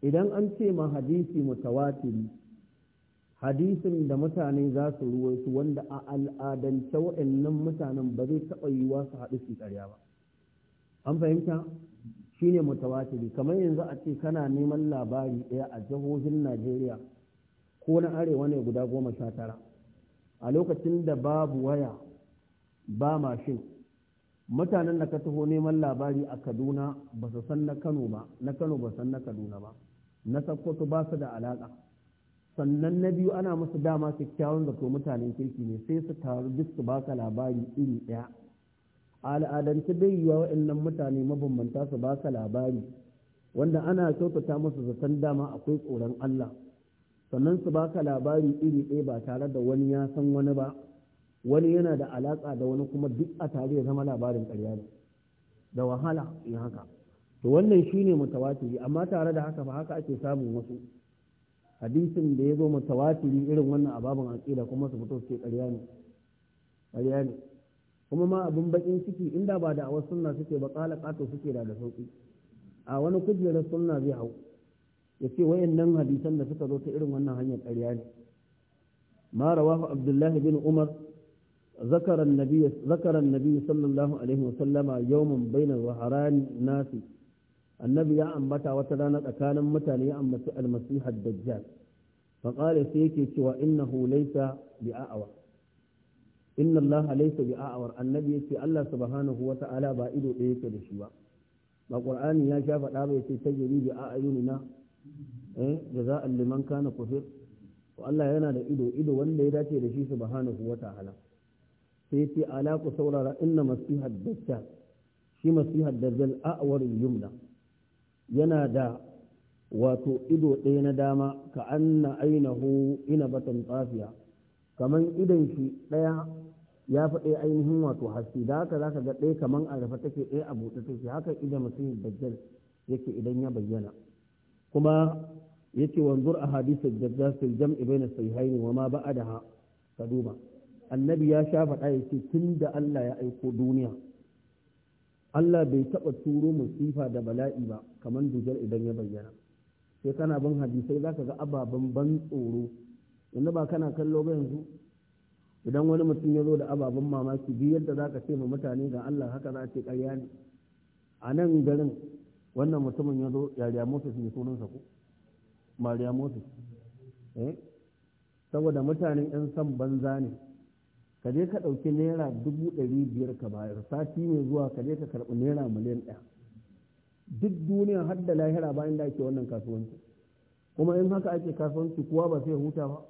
idan an ce ma hadisi mutawatiri hadisin da mutane za su ruwaitu wanda a al'adance waɗannan mutanen ba zai taɓa yiwuwa su haɗu su ƙarya ba an fahimta shine mutawatiri kamar yanzu a ce kana neman labari ɗaya a jihohin najeriya ko na arewa ne guda goma sha tara a lokacin da babu waya ba mashin mutanen da ka taho neman labari a kaduna ba su san na kano ba na kano ba san na kaduna ba na sakkwato ba su da alaƙa sannan na biyu ana musu dama kyakkyawan zato mutanen kirki ne sai su taru duk su baka labari iri ɗaya a al'adance bai yiwa waɗannan mutane mabambanta su baka labari wanda ana kyautata musu zaton dama akwai tsoron Allah sannan su baka labari iri ɗaya ba tare da wani ya san wani ba wani yana da alaƙa da wani kuma duk a tare ya zama labarin ƙarya ne da wahala in haka to wannan shine mutawatiri amma tare da haka ba haka ake samun wasu hadisin da ya zo mutawatiri irin wannan ababen aƙida kuma su fito su ƙarya ne ƙarya ne kuma ma abin bakin ciki inda ba da awar sunna suke ba ƙala ƙato suke da da sauƙi a wani kujerar sunna zai hau ya ce wayannan hadisan da suka zo ta irin wannan hanyar ƙarya ne ma rawahu abdullahi bin umar ذكر النبي ذكر النبي صلى الله عليه وسلم يوما بين ظهران ناس النبي يا أمتا وترانا كان متى يا أمت المسيح الدجال فقال سيكي وإنه ليس بأعور إن الله ليس بأعور النبي يتي الله سبحانه وتعالى بائد إيك لشوا القرآن يا شاف الآب يتي تجري بأعيننا إيه جزاء لمن كان كفر والله ينا إدو إدو وان ليداتي لشي سبحانه وتعالى sai ce ala ku saurara inna masihar dajja shi masihar dajjal a'war yumna yana da wato ido ɗaya na dama ka anna ainihu ina batan tsafiya kamar idan shi ɗaya ya faɗe ainihin wato haske da haka zaka ga ɗaya kamar a rafa take ɗaya a buɗe take haka idan masihar dajjal yake idan ya bayyana kuma yace wanzur a hadisar dajjal sai jam'i na sai haini wa ma ba'daha ka duba annabi ya sha faɗa ya ce tun da Allah ya aiko duniya Allah bai taɓa turo musifa da bala'i ba kamar dujar idan ya bayyana sai kana bin hadisai za ka ga ababen ban tsoro yanzu ba kana kallo ba yanzu idan wani mutum ya zo da ababen mamaki biyu yadda ka ce ma mutane ga Allah haka za a ce ƙarya ne a nan garin wannan mutumin ya zo yariya Moses ne sunansa ko Mariya Moses eh? saboda mutanen 'yan san banza ne ka je ka ɗauki naira dubu ɗari biyar ka bayar sati mai zuwa ka je ka karɓi naira miliyan ɗaya duk duniya har da lahira bayan da ake wannan kasuwanci kuma in haka ake kasuwanci kuwa ba sai huta ba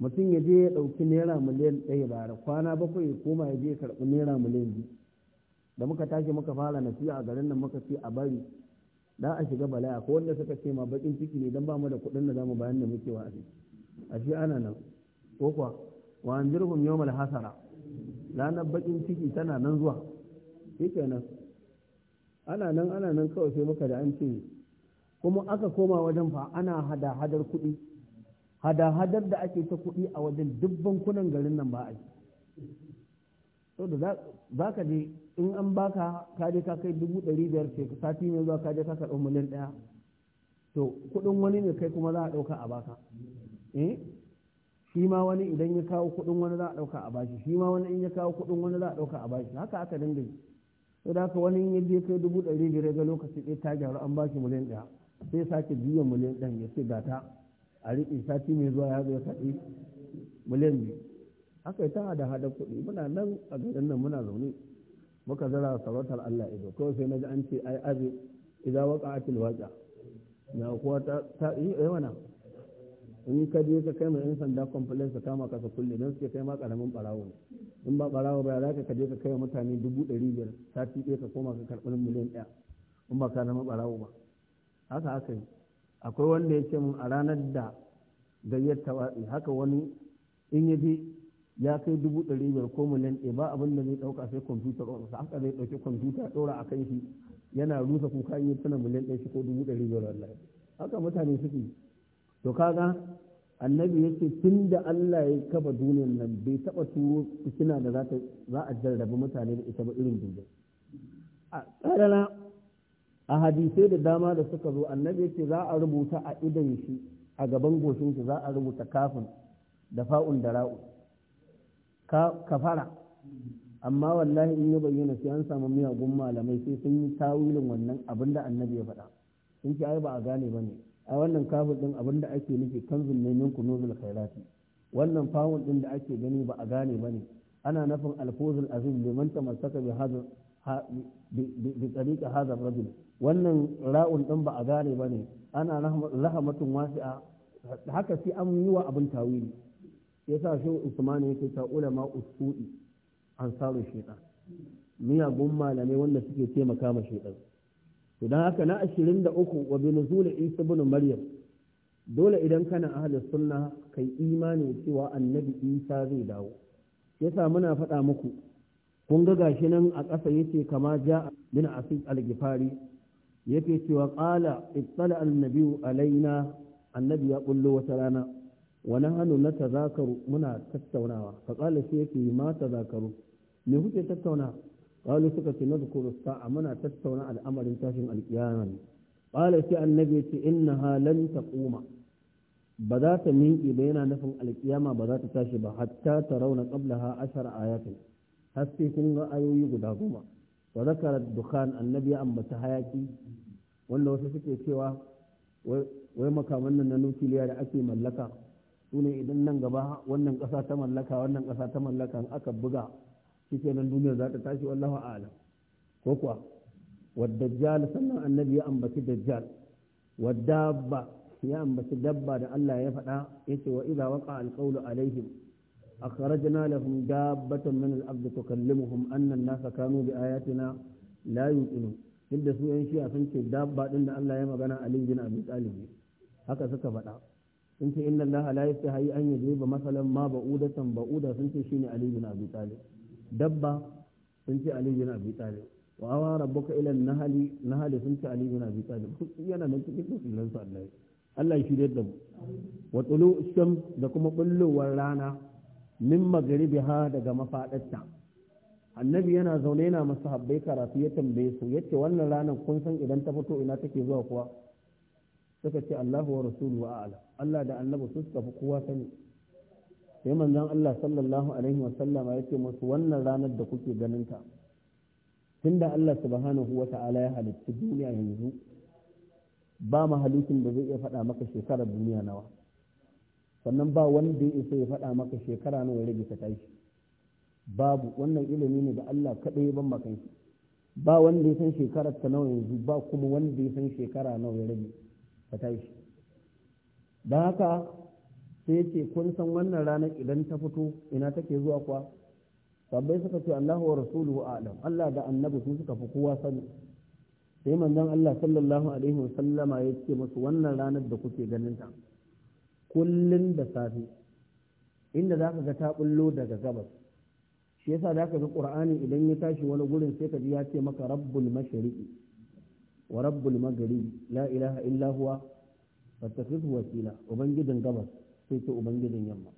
mutum ya je ya ɗauki naira miliyan ɗaya bayar kwana bakwai ya koma ya je ya karɓi naira miliyan biyu da muka tashi muka fara nasiha a garin nan muka ce a bari da a shiga balaya ko wanda suka ce ma bakin ciki ne don ba mu da kuɗin da za mu bayan da muke wa ashe ana nan ko kuwa wa anzirhum yawmal hasara ranar bakin ciki tana nan zuwa nan, ana nan ana nan kawai sai muka da an ce kuma aka koma wajen fa ana hada hadar kuɗi hada hadar da ake ta kuɗi a wajen duk bankunan garin nan ba a so da za ka je in an baka ka je ka kai dubu ɗari biyar ce sati ne zuwa ka je ka karɓi miliyan ɗaya to kuɗin wani ne kai kuma za a ɗauka a baka eh shi ma wani idan ya kawo kuɗin wani za a ɗauka a bashi shi ma wani in ya kawo kuɗin wani za a ɗauka a bashi haka aka dinga yi sai da haka wani ya je kai dubu ɗari biyar ga lokaci ɗaya ta gyaru an bashi miliyan ɗaya sai sake biyan miliyan ɗan ya ce gata a riƙe sati mai zuwa ya zo ya kaɗi miliyan biyu haka ita hada hada kuɗi muna nan a garin nan muna zaune muka zara sarautar Allah ido kawai sai na ji an ce ai abi idan waka atil waƙa na kuwa ta yi yawana eh, eh, in ka je ka kai mai yan sanda complaint ka kama kasa kulle don suke kai ma karamin barawo in ba barawo ba za ka je ka kai mutane dubu ɗari biyar sati ɗaya ka koma ka karɓi miliyan ɗaya in ba ka zama barawo ba haka haka yi akwai wanda ya ce mun a ranar da gayyar tawaɗi haka wani in ya je ya kai dubu ɗari biyar ko miliyan ɗaya ba abin da zai ɗauka sai kwamfuta ɗauka haka zai ɗauki kwamfuta ɗora a kan shi yana rusa kuka in yi tuna miliyan ɗaya shi ko dubu ɗari biyar wallahi haka mutane suke to kaga annabi yace tunda Allah ya kafa duniyar nan bai taba turo fitina da za ta za a jarrabi mutane da ita ba irin duniya a karara a hadisai da dama da suka zo annabi yace za a rubuta a idan shi a gaban goshin shi za a rubuta kafin da fa'un da ra'u kafara amma wallahi in ya bayyana sai an samu miyagun malamai sai sun yi tawilin wannan abin da annabi ya faɗa sun ce ai ba a gane ba ne a wannan kafin din abin da ake nufi kanzun ne min kunuzul khairati wannan fawun din da ake gani ba a gane ba ne ana nufin alfuzul azim liman tamassaka bi hadha bi tariqa hadha rajul wannan ra'un din ba a gane ba ne ana rahmatun wasi'a haka sai an yi wa abin tawili yasa shi Usman yake ta ulama usudi ansarul shaytan miyagun malamai wanda suke taimaka ma shaytan to dan haka na 23 wa bi nuzul isa ibn maryam dole idan kana ahlus sunna kai imani cewa annabi isa zai dawo yasa muna faɗa muku kun ga gashi nan a ƙasa yace kama ja bin asif al-gifari yake cewa qala ittala an-nabiyyu alaina annabi ya kullu wata rana wa nahnu natazakaru muna tattaunawa fa qala sai yake ma tazakaru me kuke tattauna قالوا سكت نذكر الساعة منا تستونا أمر تاشم القيامة قال سي النبي إنها لن تقوم بدات من بين نفن القيامة بدات تاشب حتى ترون قبلها عشر آيات حسي كنغ أيو يقداكما وذكر الدخان النبي أم بتهايكي wanda wasu suke وما wai ننوتي nan na nukiliya da ake mallaka su ne idan nan gaba wannan ƙasa ta mallaka wannan ƙasa ta mallaka aka buga shikenan duniyar za ta tashi wallahu a'lam ko kuwa wadajjal sannan annabi ya ambaci dajjal wadabba ya ambaci dabba da Allah ya faɗa yace wa idza waqa alqawlu alaihim akhrajna lahum dabbatan min al-ard tukallimuhum anna an-nasa kanu bi ayatina la yuqinu duk da su yan shi'a sun ce dabba din da Allah ya magana Ali bin Abi Talib haka suka faɗa sun ce inna Allah la yastahi an yajriba masalan ma ba'udatan ba'uda sun ce shine Ali bin Abi Talib dabba sun ce ali bin abi talib wa awa rabbuka ila nahali nahali sun ce ali bin abi talib yana nan cikin dalilan su Allah Allah ya shirye da mu wa tulu sham da kuma bullowar rana min ha daga mafadarta annabi yana zaune yana masahabbai karatu ya tambaye su yace wannan ranar kun san idan ta fito ina take zuwa kuwa suka ce Allahu wa rasuluhu a'lam Allah da annabi sun suka fi kowa sani sai manzon Allah sallallahu alaihi wa sallama yake musu wannan ranar da kuke ganin ta tunda Allah subhanahu wa ta'ala ya halitta duniya yanzu ba mahalukin da zai iya faɗa maka shekarar duniya nawa sannan ba wanda ya isa ya faɗa maka shekara nawa ya rage ta tashi babu wannan ilimi ne da Allah kaɗai ya ban makan shi ba wanda ya san shekarar ta nawa yanzu ba kuma wanda ya san shekara nawa ya rage ta tashi don haka sai ce kun san wannan ranar idan ta fito ina take zuwa kuwa sabbai suka ce Allahu wa rasuluhu a'lam Allah da annabi sun suka fi kowa sani sai manzon Allah sallallahu alaihi wa sallama ya ce musu wannan ranar da kuke ganin ta kullun da safe inda za ka ga ta bullo daga gabas shi yasa ka ga Qur'ani idan ya tashi wani gurin sai ka ji ya ce maka rabbul mashriqi wa rabbul maghribi la ilaha illa huwa fattakhidhu wakila ubangijin gabas sai ce ubangijin yamma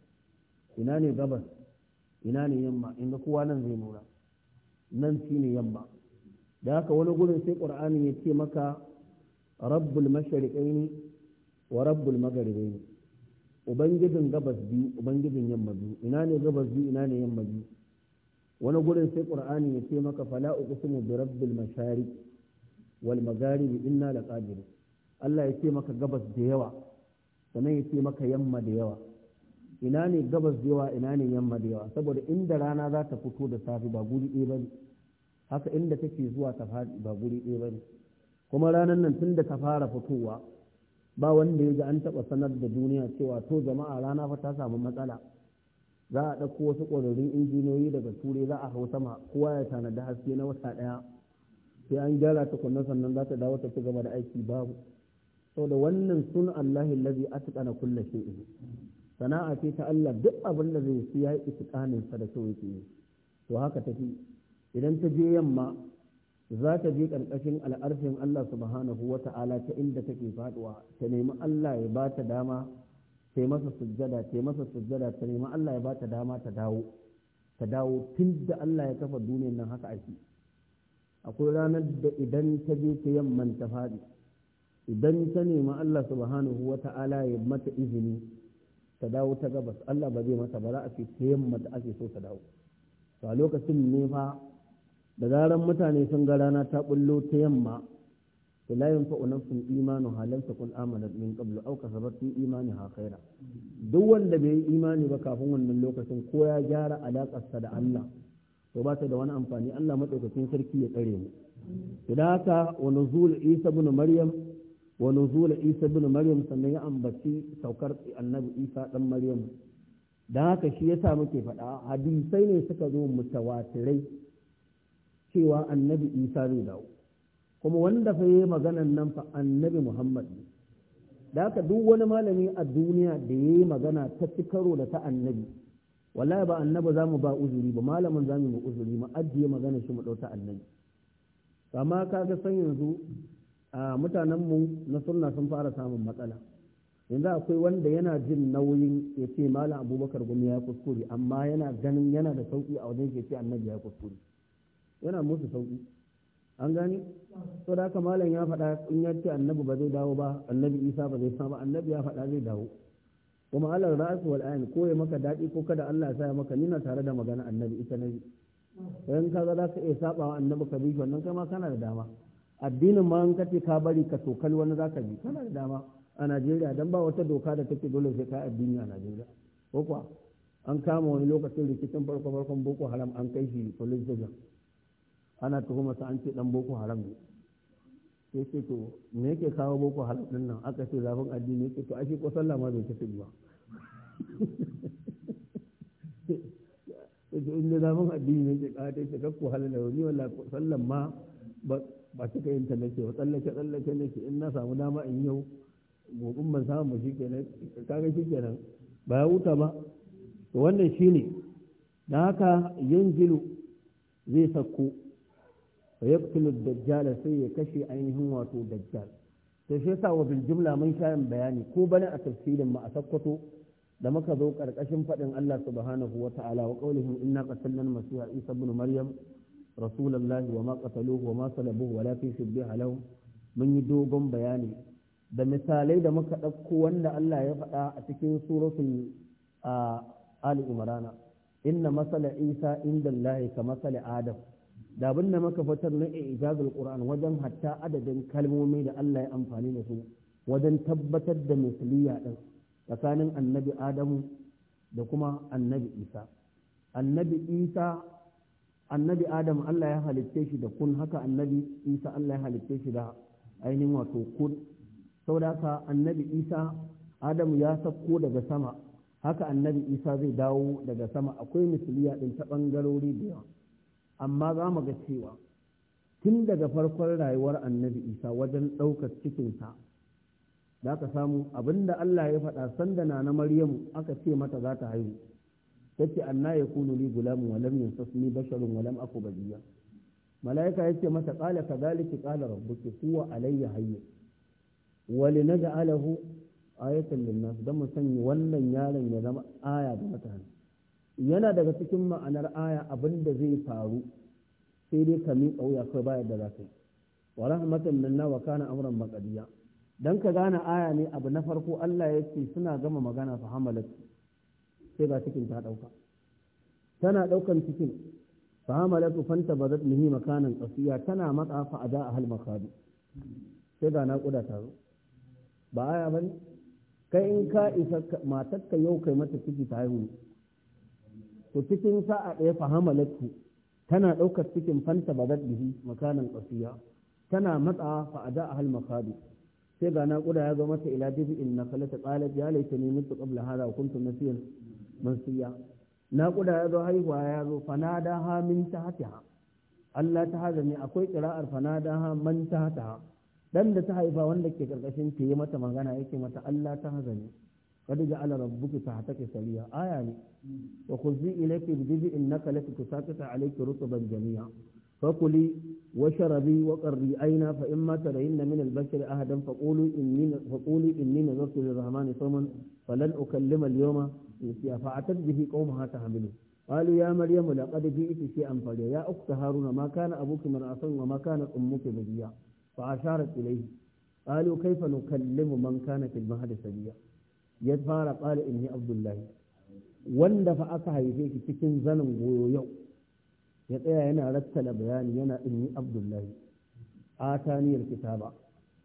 ina ne gabas ina ne yamma inda kowa nan zai nuna nan shi ne yamma da haka wani gurin sai ƙur'ani ya ce maka rabbul mashariƙaini wa rabbul magaribaini ubangijin gabas biyu ubangijin yamma biyu ina ne gabas biyu ina ne yamma biyu wani gurin sai ƙur'ani ya ce maka fala uqsimu bi rabbil mashariq wal magharibi inna laqadirun Allah ya ce maka gabas da yawa sannan ya ce maka yamma da yawa ina ne gabas da yawa ina ne yamma da yawa saboda inda rana za ta fito da safe ba guri ɗaya ba ne haka inda take zuwa ta faɗi ba guri ɗaya ba ne kuma ranar nan tun da ta fara fitowa ba wanda ya ga an taɓa sanar da duniya cewa to jama'a rana fa ta samu matsala za a ɗauko wasu ƙwararrun injiniyoyi daga turai za a hau sama kowa ya tanada haske na wata ɗaya sai an gyara tukunna sannan za ta dawo ta ci gaba da aiki babu sau da wannan sun Allahi lazi kulle shi ne sana'a ce ta Allah duk abin da zai yi ya yi itqanin sa da kyau yake to haka tafi idan ta je yamma za ta je ƙarƙashin al'arfin Allah subhanahu wa ta'ala ta inda take faduwa ta nemi Allah ya ba ta dama ta masa sujjada ta masa sujjada ta nemi Allah ya ba ta dama ta dawo ta dawo tun da Allah ya kafa duniyar nan haka ake akwai ranar da idan ta je ta yamman ta faɗi idan ta nemi Allah subhanahu wa ta'ala ya mata izini ta dawo ta gabas Allah ba zai mata ba za a ce ta yamma ta ake so ta dawo to a lokacin ne fa da zaran mutane sun ga rana ta bullo ta yamma to la yanfa'u nafsun imanu halan kun amana min qablu aw kasabat fi ha khaira duk wanda bai yi imani ba kafin wannan lokacin ko ya gyara sa da Allah to ba ta da wani amfani Allah madaukakin sarki ya tsare mu to da haka wa nuzul Isa ibn Maryam Wani nuzul isa ibn maryam sannan ya ambaci saukar annabi isa dan maryam Da haka shi yasa muke faɗa hadisai ne suka zo mutawatirai cewa annabi isa zai dawo kuma wanda fa yi maganan nan fa annabi muhammad ne da haka duk wani malami a duniya da ya yi magana ta ci karo da ta annabi wallahi ba annabi za mu ba uzuri ba malamin za mu uzuri mu ajiye magana shi mu ɗauta annabi amma ga san yanzu a mutanenmu na sunna sun fara samun matsala yanzu akwai wanda yana jin nauyin ya ce malam abubakar gumi ya kuskure amma yana ganin yana da sauki a wajen ke ce annabi ya kuskure yana musu sauki an gani? to da haka malam ya faɗa in ya ce annabi ba zai dawo ba annabi isa ba zai ba annabi ya faɗa zai dawo kuma alal ra'su wal ayn ko ya maka daɗi ko kada Allah ya sa maka nina tare da magana annabi ita nabi in kaga za ka iya sabawa annabi ka bi wannan kai ma kana da dama addinin ma an kace ka bari ka tokal wani zaka bi kana da dama a Najeriya dan ba wata doka da take dole sai ka addini a Najeriya ko kuwa an kama wani lokacin rikicin farko farkon Boko Haram an kai shi police station ana tuhuma sa an ce dan Boko Haram ne sai ce to me yake kawo Boko Haram din nan aka ce zafin addini yake to ashe ko sallah ma bai tafi ba sai inda zafin addini yake ka ta ce kakku halala ni wallahi sallan ma ba cika yin tallace ba tsallake tsallake nake in na samu dama in yau gobin ban samu shi kenan kaga shi kenan ba ya huta ba to wannan shine da haka yanzilu zai sakko fa yaqtulu dajjal sai ya kashe ainihin wato dajjal to shi yasa wa bil jumla mun sha bayani ko bana a tafsirin ma a sakkwato da muka zo karkashin fadin Allah subhanahu wa ta'ala wa qaulihim inna qatalna al-masiha isa ibn maryam رسول الله وما قتلوه وما صلبوه ولكن شبه لهم من يدوغم بياني da misalai da muka ɗauko wanda Allah ya faɗa a cikin suratul Ali Imrana inna masala Isa inda Allah ka masala Adam da abin muka fitar na ijazul Qur'an wajen hatta adadin kalmomi da Allah ya amfani da su wajen tabbatar da misliya din tsakanin annabi Adamu da kuma annabi Isa annabi Isa annabi adam Allah ya halitte shi da kun haka annabi isa Allah ya halitte shi da ainihin wato kun saboda haka annabi isa adamu ya sauko daga sama haka annabi isa zai dawo daga sama akwai misliya ɗin ta ɓangarori da yawa amma za mu ga cewa tun daga farkon rayuwar annabi isa wajen ɗaukar cikinsa da aka samu abinda Allah ya faɗa sanda na na maryamu aka ce mata za ta haihu tace anna yakunu li gulamun wa lam yansasni basharun wa lam aku bagiya malaika yace mata qala kadhalika qala rabbuki huwa alayya hayy wa linaj'alahu ayatan linnas dan mu sanya wannan yaron ya zama aya ga mutane yana daga cikin ma'anar aya abin da zai faru sai dai ka miƙa wuya kai baya da za ka yi wa rahmatan minna wa kana amran maqdiya dan ka gane aya ne abu na farko Allah ya ce suna gama magana su Hamalatu. sai ga cikin ta ɗauka tana ɗaukan cikin fa hamalatu fanta bazat mihi makanan qasiya tana matsa fa ada ahal makadu sai ga naƙuda ta ba aya bane kai in ka isa matarka yau kai mata ciki ta haihu to cikin sa'a ɗaya fa hamalatu tana ɗaukar cikin fanta ba bazat mihi makanan qasiya tana matsa fa ada ahal makadu sai ga naƙuda ya zo mata ila dibi in nakalata qalat ya laitani mutu qabla hada wa kuntu mansiya naƙuda ya zo haihuwa ya zo fanada ha min tahtiha Allah ta haza ne akwai ƙira'ar fanada ha man tahtaha dan da ta haifa wanda ke karkashin ta yi mata magana yake mata Allah ta haza ne kada ga ala rabbuki tahtaki sariya aya ne wa in ilayki bi jiz'in nakalati tusaqita alayki ban jami'a فكلي وشربي وقري عينا فإما ترين من البشر أحدا فقولي إني فقولي إني نذرت للرحمن صوما فلن أكلم اليوم نسيا فأتت به قومها تحمله قالوا يا مريم لقد جئت شيئا فريا يا أخت هارون ما كان أبوك مرأسا وما كانت أمك بغيا فأشارت إليه قالوا كيف نكلم من كان في المهد سبيا يدفار قال إني عبد الله wanda fa aka haife shi cikin zanen goyo yau ya tsaya yana rattala bayani yana inni abdullahi ataniyar kitaba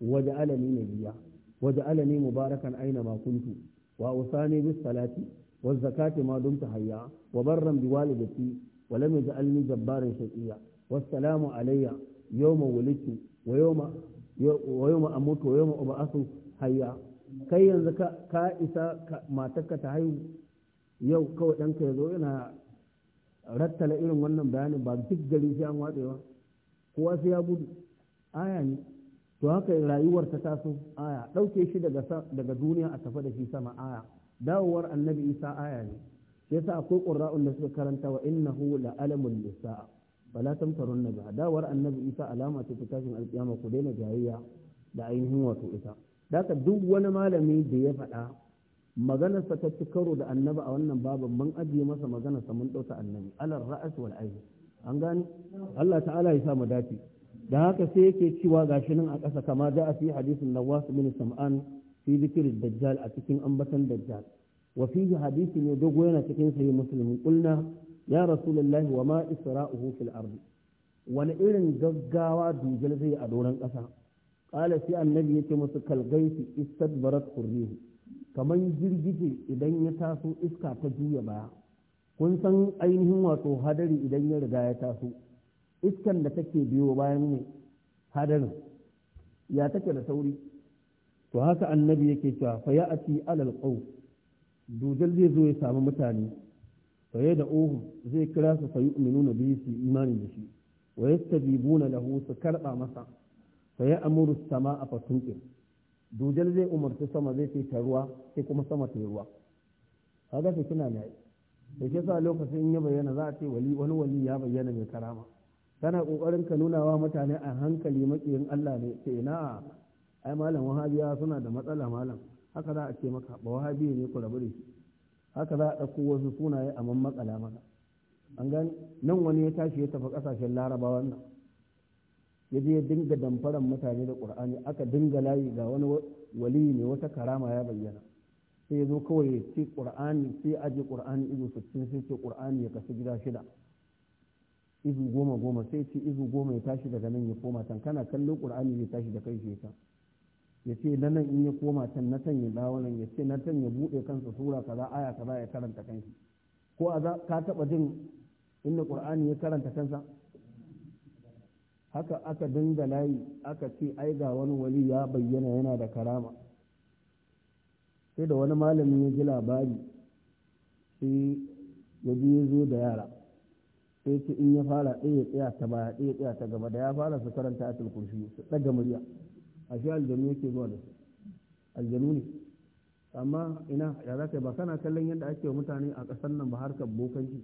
waje alani nabiya waje alani mubarakan aina Makuntu. kuntu wa usani والزكاة ما دمت حيا وبرا بوالدتي ولم يجعلني جبارا شقيا والسلام علي يوم ولدت ويوم ويوم أموت ويوم أبعث حيا kai yanzu ka isa matarka ta haihu yau kawai ɗanka ya zo yana rattala irin wannan bayanin ba duk gari sai an watsewa kowa sai ya gudu aya ne to haka rayuwar ta taso aya ɗauke shi daga duniya a tafi da shi sama aya dawowar annabi isa aya ne shi yasa akwai qurra'un da suka karanta wa innahu la alamun lisaa fala tamtarunna nabi dawowar annabi isa alama ce ta tashin alkiyama ku daina jayayya da ainihin wato ita daka duk wani malami da ya faɗa maganarsa ta ci karo da annabi a wannan babin mun ajiye masa maganarsa mun ɗauka annabi alar ra'as wal an Allah ta'ala ya sa mu dace da haka sai yake cewa gashi nan a ƙasa kama da a fi hadisin nawas bin sam'an fi zikir dajjal a cikin ambatan dajjal wa fi hadisi ne dogo yana cikin sahih muslim kulna ya rasulullahi wa ma isra'uhu fil ardi wani irin gaggawa dujal zai a doron ƙasa ƙala sai annabi yake musu kalgaisi istadbarat kurrihu kamar girgije idan ya taso iska ta juya baya kun san ainihin wato hadari idan ya riga ya taso iskan da take biyo bayan ne hadarin ya take da sauri to haka annabi yake cewa fa ya'ti alal qaw dujal zai zo ya samu mutane fa ya da uhu zai kira su fa yu'minuna bi su imani da shi wa yastajibuna lahu su karba masa fa ya amuru samaa fa tunqir dujal zai umarci sama zai ce ta ruwa sai kuma sama ta ruwa kaga sai kina ne sai ke sa lokacin in ya bayyana za a ce wali wani wali ya bayyana mai karama kana kokarin ka nuna wa mutane a hankali makiyin Allah ne ke ai malam wahabiya suna da matsala malam haka za a ce maka ba wahabi ne ku rabu da shi haka za a ɗauko wasu sunaye a mammakala maka an gani nan wani ya tashi ya tafi ƙasashen larabawa nan ya je ya dinga damfaran mutane da ƙur'ani aka dinga layi ga wani wali ne wata karama ya bayyana sai ya zo kawai ya ce ƙur'ani sai ya aje ƙur'ani izu sittin sai ce ƙur'ani ya kasu gida shida izu goma goma sai ce izu goma ya tashi daga nan ya koma can kana kallon ƙur'ani zai tashi da kai shi ya ya ce na nan in ya koma can na can ya dawo nan ya ce na can ya buɗe kansa sura kaza aya kaza ya karanta kansa ko a ka taɓa jin inda ƙur'ani ya karanta kansa haka aka dinga layi aka ce ai ga wani wali ya bayyana yana da karama sai da wani malamin ya ji labari sai ya ji ya zo da yara sai ce in ya fara ɗaya tsaya ta baya ɗaya tsaya ta gaba da ya fara su karanta a kursi su ɗaga murya a shi aljanu yake zuwa da su aljanu ne amma ina ya za ka ba kana kallon yadda ake mutane a ƙasar nan ba harkar bokanci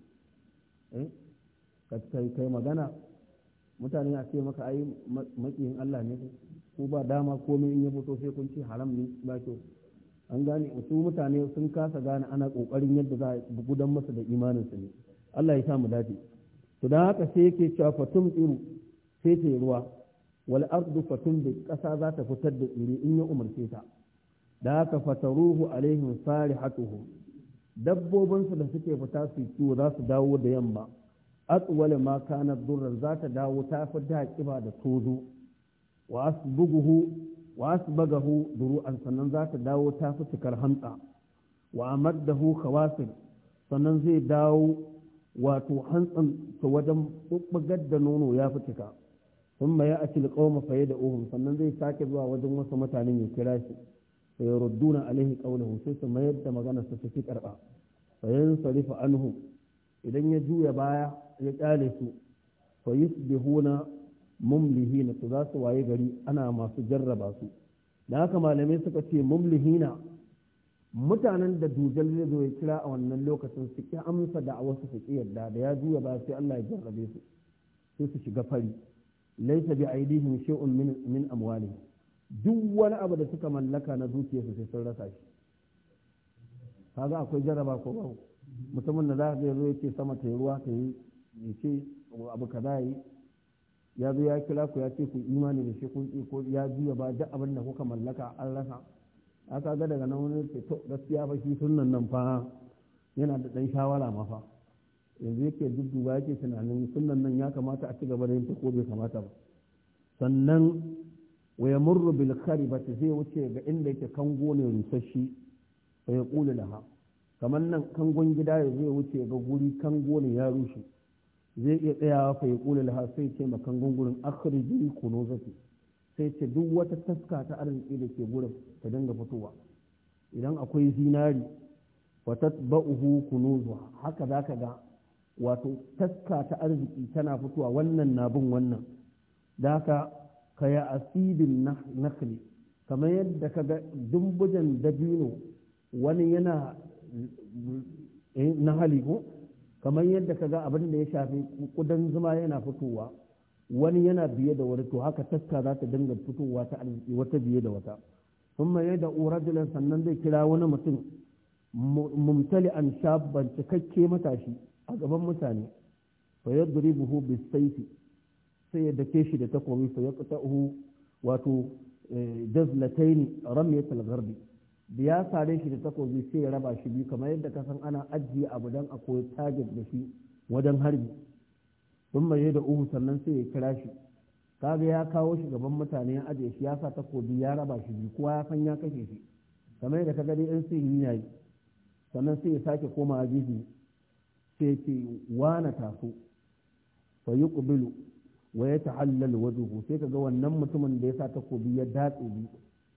eh kai magana mutane a ce maka ai makiyin Allah ne ko ba dama komai in ya fito sai kun ce haram ne ba kyau an gane su mutane sun kasa gane ana kokarin yadda za a gudan masa da imanin su ne Allah ya sa mu dace to dan haka sai yake cewa fatum iru sai ta ruwa wal ardu da ƙasa za ta fitar da tsire in ya umarce ta da haka fataruhu alaihim sarihatuhu dabbobinsu da suke fita su kiwo za su dawo da yamma atwala ma kana durran za ta dawo ta fi da kiba da tozo wa asbuguhu wa asbagahu duru'an sannan za ta dawo ta fi cikar hantsa wa amaddahu khawasir sannan zai dawo wato hantsan ta wajen bubbugar da nono ya fi cika sun ma ya'ati faye da yad'uhum sannan zai sake zuwa wajen wasu mutanen ya kira shi fa yurudduna alaihi qawluhu sai su mayar da maganar su su karɓa. fa yansarifu anhum idan ya juya baya ya kyale su fa yusbihuna mumlihina su za su waye gari ana masu jarraba su da haka malamai suka ce mumlihina mutanen da dujal zai ya kira a wannan lokacin su amsa da a wasu suke ki yadda da ya juya ba sai Allah ya jarrabe su sai su shiga fari laisa bi aidihim shay'un min min amwalihim duk wani abu da suka mallaka na dukiyarsu sai sun rasa shi kaga akwai jaraba ko ba mutumin da za ka zo ruwa ce sama ta yi ruwa ta yi ya ce abu kaza yi ya zo ya kira ku ya ce ku imani da shi kun ko ya juya ba duk abin da kuka mallaka an rasa aka ga daga nan wani ce to gaskiya fa shi sunnan nan fa yana da dan shawara ma fa yanzu yake dudduba yake tunanin sunan nan ya kamata a ci gaba da yin ta ko bai kamata ba sannan waya murru bil kharibati zai wuce ga inda yake kango ne rusashi ya kula laha kamar nan kangon gida ya zai wuce ga guri kango ne ya rushe zai iya tsayawa fa kula laha sai ce ma kangon gurin akhriji kunuzati sai ce duk wata taska ta arziki da ke gurin ta dinga fitowa idan akwai zinari fatat ba'uhu kunuzuha haka zaka ga wato taska ta arziki tana fitowa wannan na bin wannan da haka ka yi asibin nakli kamar yadda ka ga dumbujan dabino wani yana hali eh, ko kamar yadda ka ga abin da ya shafi kudan zuma yana fitowa wani yana biye da wani to haka taska za ta dinga fitowa ta arziki wata biye da wata kuma ya da rajulan sannan zai kira wani mutum mumtali an shabban cikakke matashi a gaban mutane fa buhu bisaifi sai ya dake shi da takobi fa uhu wato eh, jazlatayn ramyat al-gharbi da ya sare shi da takobi sai ya raba shi biyu kamar yadda ka san ana ajiye abu don a koyi target da shi wajen harbi sun mai da uhu sannan sai ya kira shi kaga ya kawo shi gaban mutane ya ajiye shi ya sa takobi ya raba shi biyu kowa ya san ya kashe shi kamar yadda ka gani yan sai yi yi sannan sai ya sake koma gefe sai ce wana taso fa yuqbilu wa ya yatahallal wajhu sai kaga wannan mutumin da ya sa takobi ya datse bi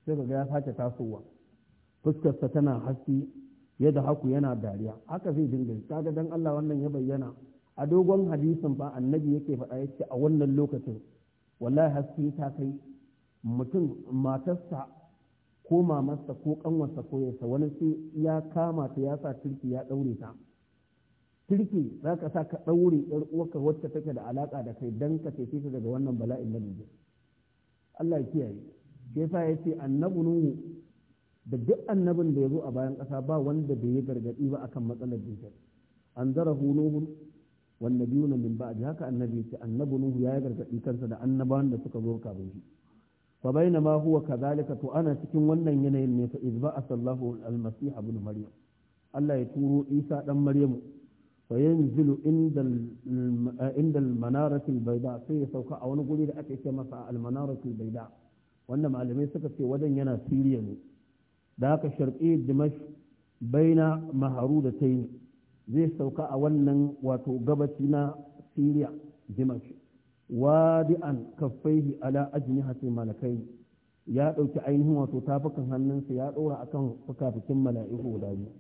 sai kaga ya sace tasowa fuskarsa tana haske yadda haku yana dariya haka zai dinga kaga dan Allah wannan ya bayyana a dogon hadisin fa annabi yake faɗa yake a wannan lokacin wallahi haske ta kai mutum matarsa ko mamarsa ko kanwarsa ko yasa wani sai ya kama ta ya sa turki ya daure ta kirki za ka sa ka ɗaure ‘yar uwarka wacce take da alaƙa da kai don ka cece ta daga wannan bala'in na dubu Allah ya kiyaye shi yasa ya ce annabu nuhu da duk annabin da ya zo a bayan ƙasa ba wanda bai yi gargaɗi ba akan matsalar dukiyar an zara hunuhu wanda biyu na min ba'adi haka annabi ce annabu nuhu ya yi gargaɗi kansa da annabawan da suka zo kafin shi fa baina ma huwa kadhalika to ana cikin wannan yanayin ne fa izba Sallahu al-masih ibn maryam Allah ya turo Isa dan Maryamu fa yanzilu inda al-manarati al-bayda sai ya sauka a wani guri da ake ce masa al-manarati al-bayda wanda malamai suka ce wajen yana siriya ne da haka sharqi dimash baina maharu da taini zai sauka a wannan wato gabaci na siriya dimash wadi'an kaffaihi ala ajnihati malakai ya ɗauki ainihin wato tafukan hannunsa ya dora akan fukafikin mala'iku guda biyu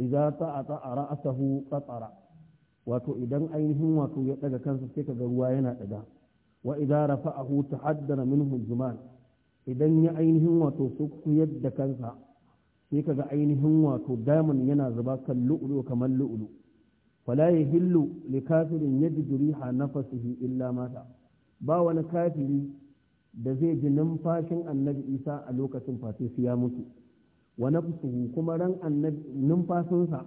idza ta'ata ra'sahu qatara wato idan ainihin wato ya daga kansa sai kaga ruwa yana daga wa fa'ahu rafa'ahu tahaddana minhu juman idan ya ainihin wato kuyar da kansa sai kaga ainihin wato daman yana zuba kan lu'ulu kamar lu'ulu fala ya yahillu li kafirin yajri na nafsihi illa mata ba wani kafiri da zai ji numfashin annabi isa a lokacin fasisi ya mutu wa nafsuhu kuma ran annabi numfashinsa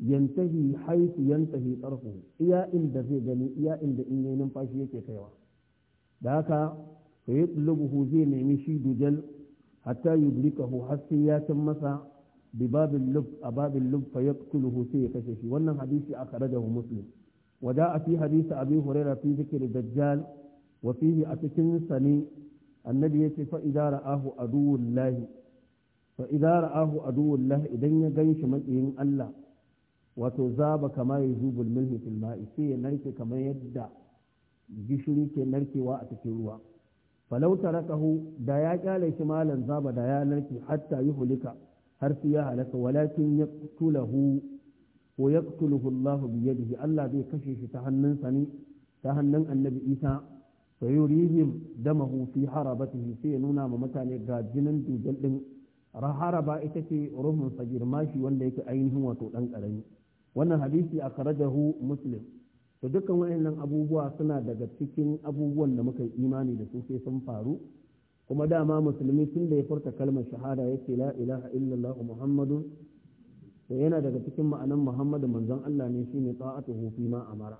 yantahi haitu yantahi tsarfu iya inda zai gani iya inda in yi numfashi yake kaiwa da haka fa yatlubuhu zai nemi shi dujal hatta yudrikahu har sai ya san masa bi babin a babin lub fa yaqtuluhu sai ya kashe shi wannan hadisi akhrajahu muslim wada'a fi hadisi abu hurairah fi zikr dajjal wa fihi a cikin sani annabi yace fa idza ra'ahu aduwwullahi idan ya ganshi matsayin Allah wato zaba kama ya zubul milhi fil ma'i sai ya narke kamar yadda gishiri ke narkewa a cikin ruwa falau tarakahu da ya kyale shi malan zaba da ya narke hatta yi hulika har sai ya halaka walakin yaqtulahu ko yaqtuluhu Allah bi yadihi Allah zai kashe shi ta hannunsa ne ta hannun Annabi Isa fa yurihim damahu fi harabatihi sai ya nuna ma mutane ga jinin dujal din haraba ita ce ruhun sajir mashi wanda yake ainihin wato dan karami wannan hadisi a karajahu muslim to dukkan waɗannan abubuwa suna daga cikin abubuwan da muka yi imani da su sai sun faru kuma dama musulmi tun da ya furta kalmar shahada ya ce la ilaha illallah muhammadun to yana daga cikin ma'anan muhammadu manzon Allah ne shine ta'atuhu fi ma amara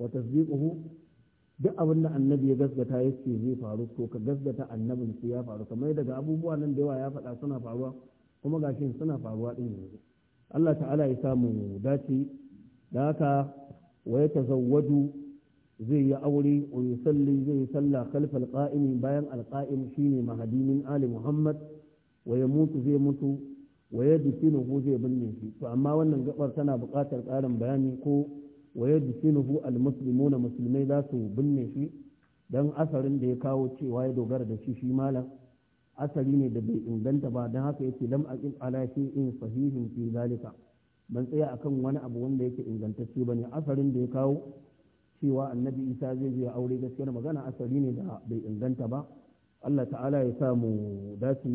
wa tasdiquhu duk abin da annabi ya gasgata ya ce zai faru to ka gasgata annabin su ya faru kamar daga abubuwa nan da yawa ya faɗa suna faruwa kuma gashin suna faruwa din yanzu Allah ta'ala ya samu dace da haka wa ya tazawwadu zai yi aure wa ya salli zai yi sallah kalfa alqa'imi bayan alqa'im shine mahadi min ali muhammad wa ya mutu zai mutu wa ya dusinuhu zai binne shi to amma wannan gabar tana buƙatar ƙarin bayani ko wa ya dusinuhu almuslimuna musulmai za su binne shi dan asarin da ya kawo cewa ya dogara da shi shi malam asali ne da bai inganta ba don haka yake lam aqim ala shay'in sahihin fi zalika ban tsaya akan wani abu wanda yake ingantacce bane asarin da ya kawo cewa annabi isa zai je aure gaskiyar magana asali ne da bai inganta ba Allah ta'ala ya sa mu dace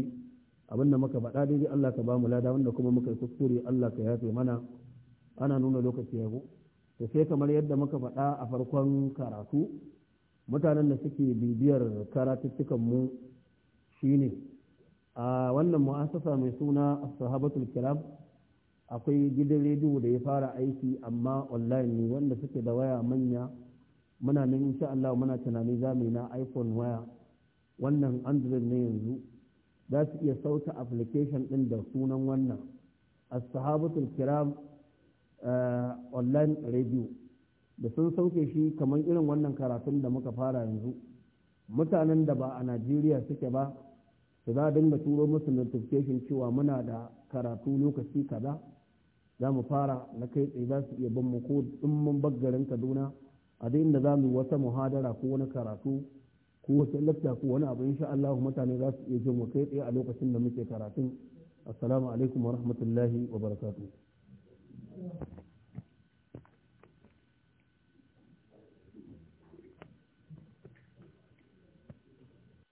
abin da muka faɗa daidai Allah ka bamu lada wanda kuma muka yi kuskure Allah ka yafe mana ana nuna lokaci yago to sai kamar yadda muka faɗa a farkon karatu mutanen da suke bibiyar karatuttukan mu shine a wannan mu'asasa mai suna sahabatul kiram akwai gidan rediyo da ya fara aiki amma online ne wanda suke da waya manya muna nan insha Allah muna tunani zamu na iPhone waya wannan Android ne yanzu za su iya sauta application din da sunan wannan as-sahabatul kiram online radio da sun sauke shi kamar irin wannan karatun da muka fara yanzu mutanen da ba a Najeriya suke ba to za a dinga turo musu notification cewa muna da karatu lokaci kaza za mu fara na kai tsaye za su iya ban mu ko in mun baggarin kaduna a duk inda za mu yi wata muhadara ko wani karatu ko wata lafta ko wani abu insha Allah mutane za su iya jin mu kai tsaye a lokacin da muke karatun assalamu alaikum wa rahmatullahi wa barakatuh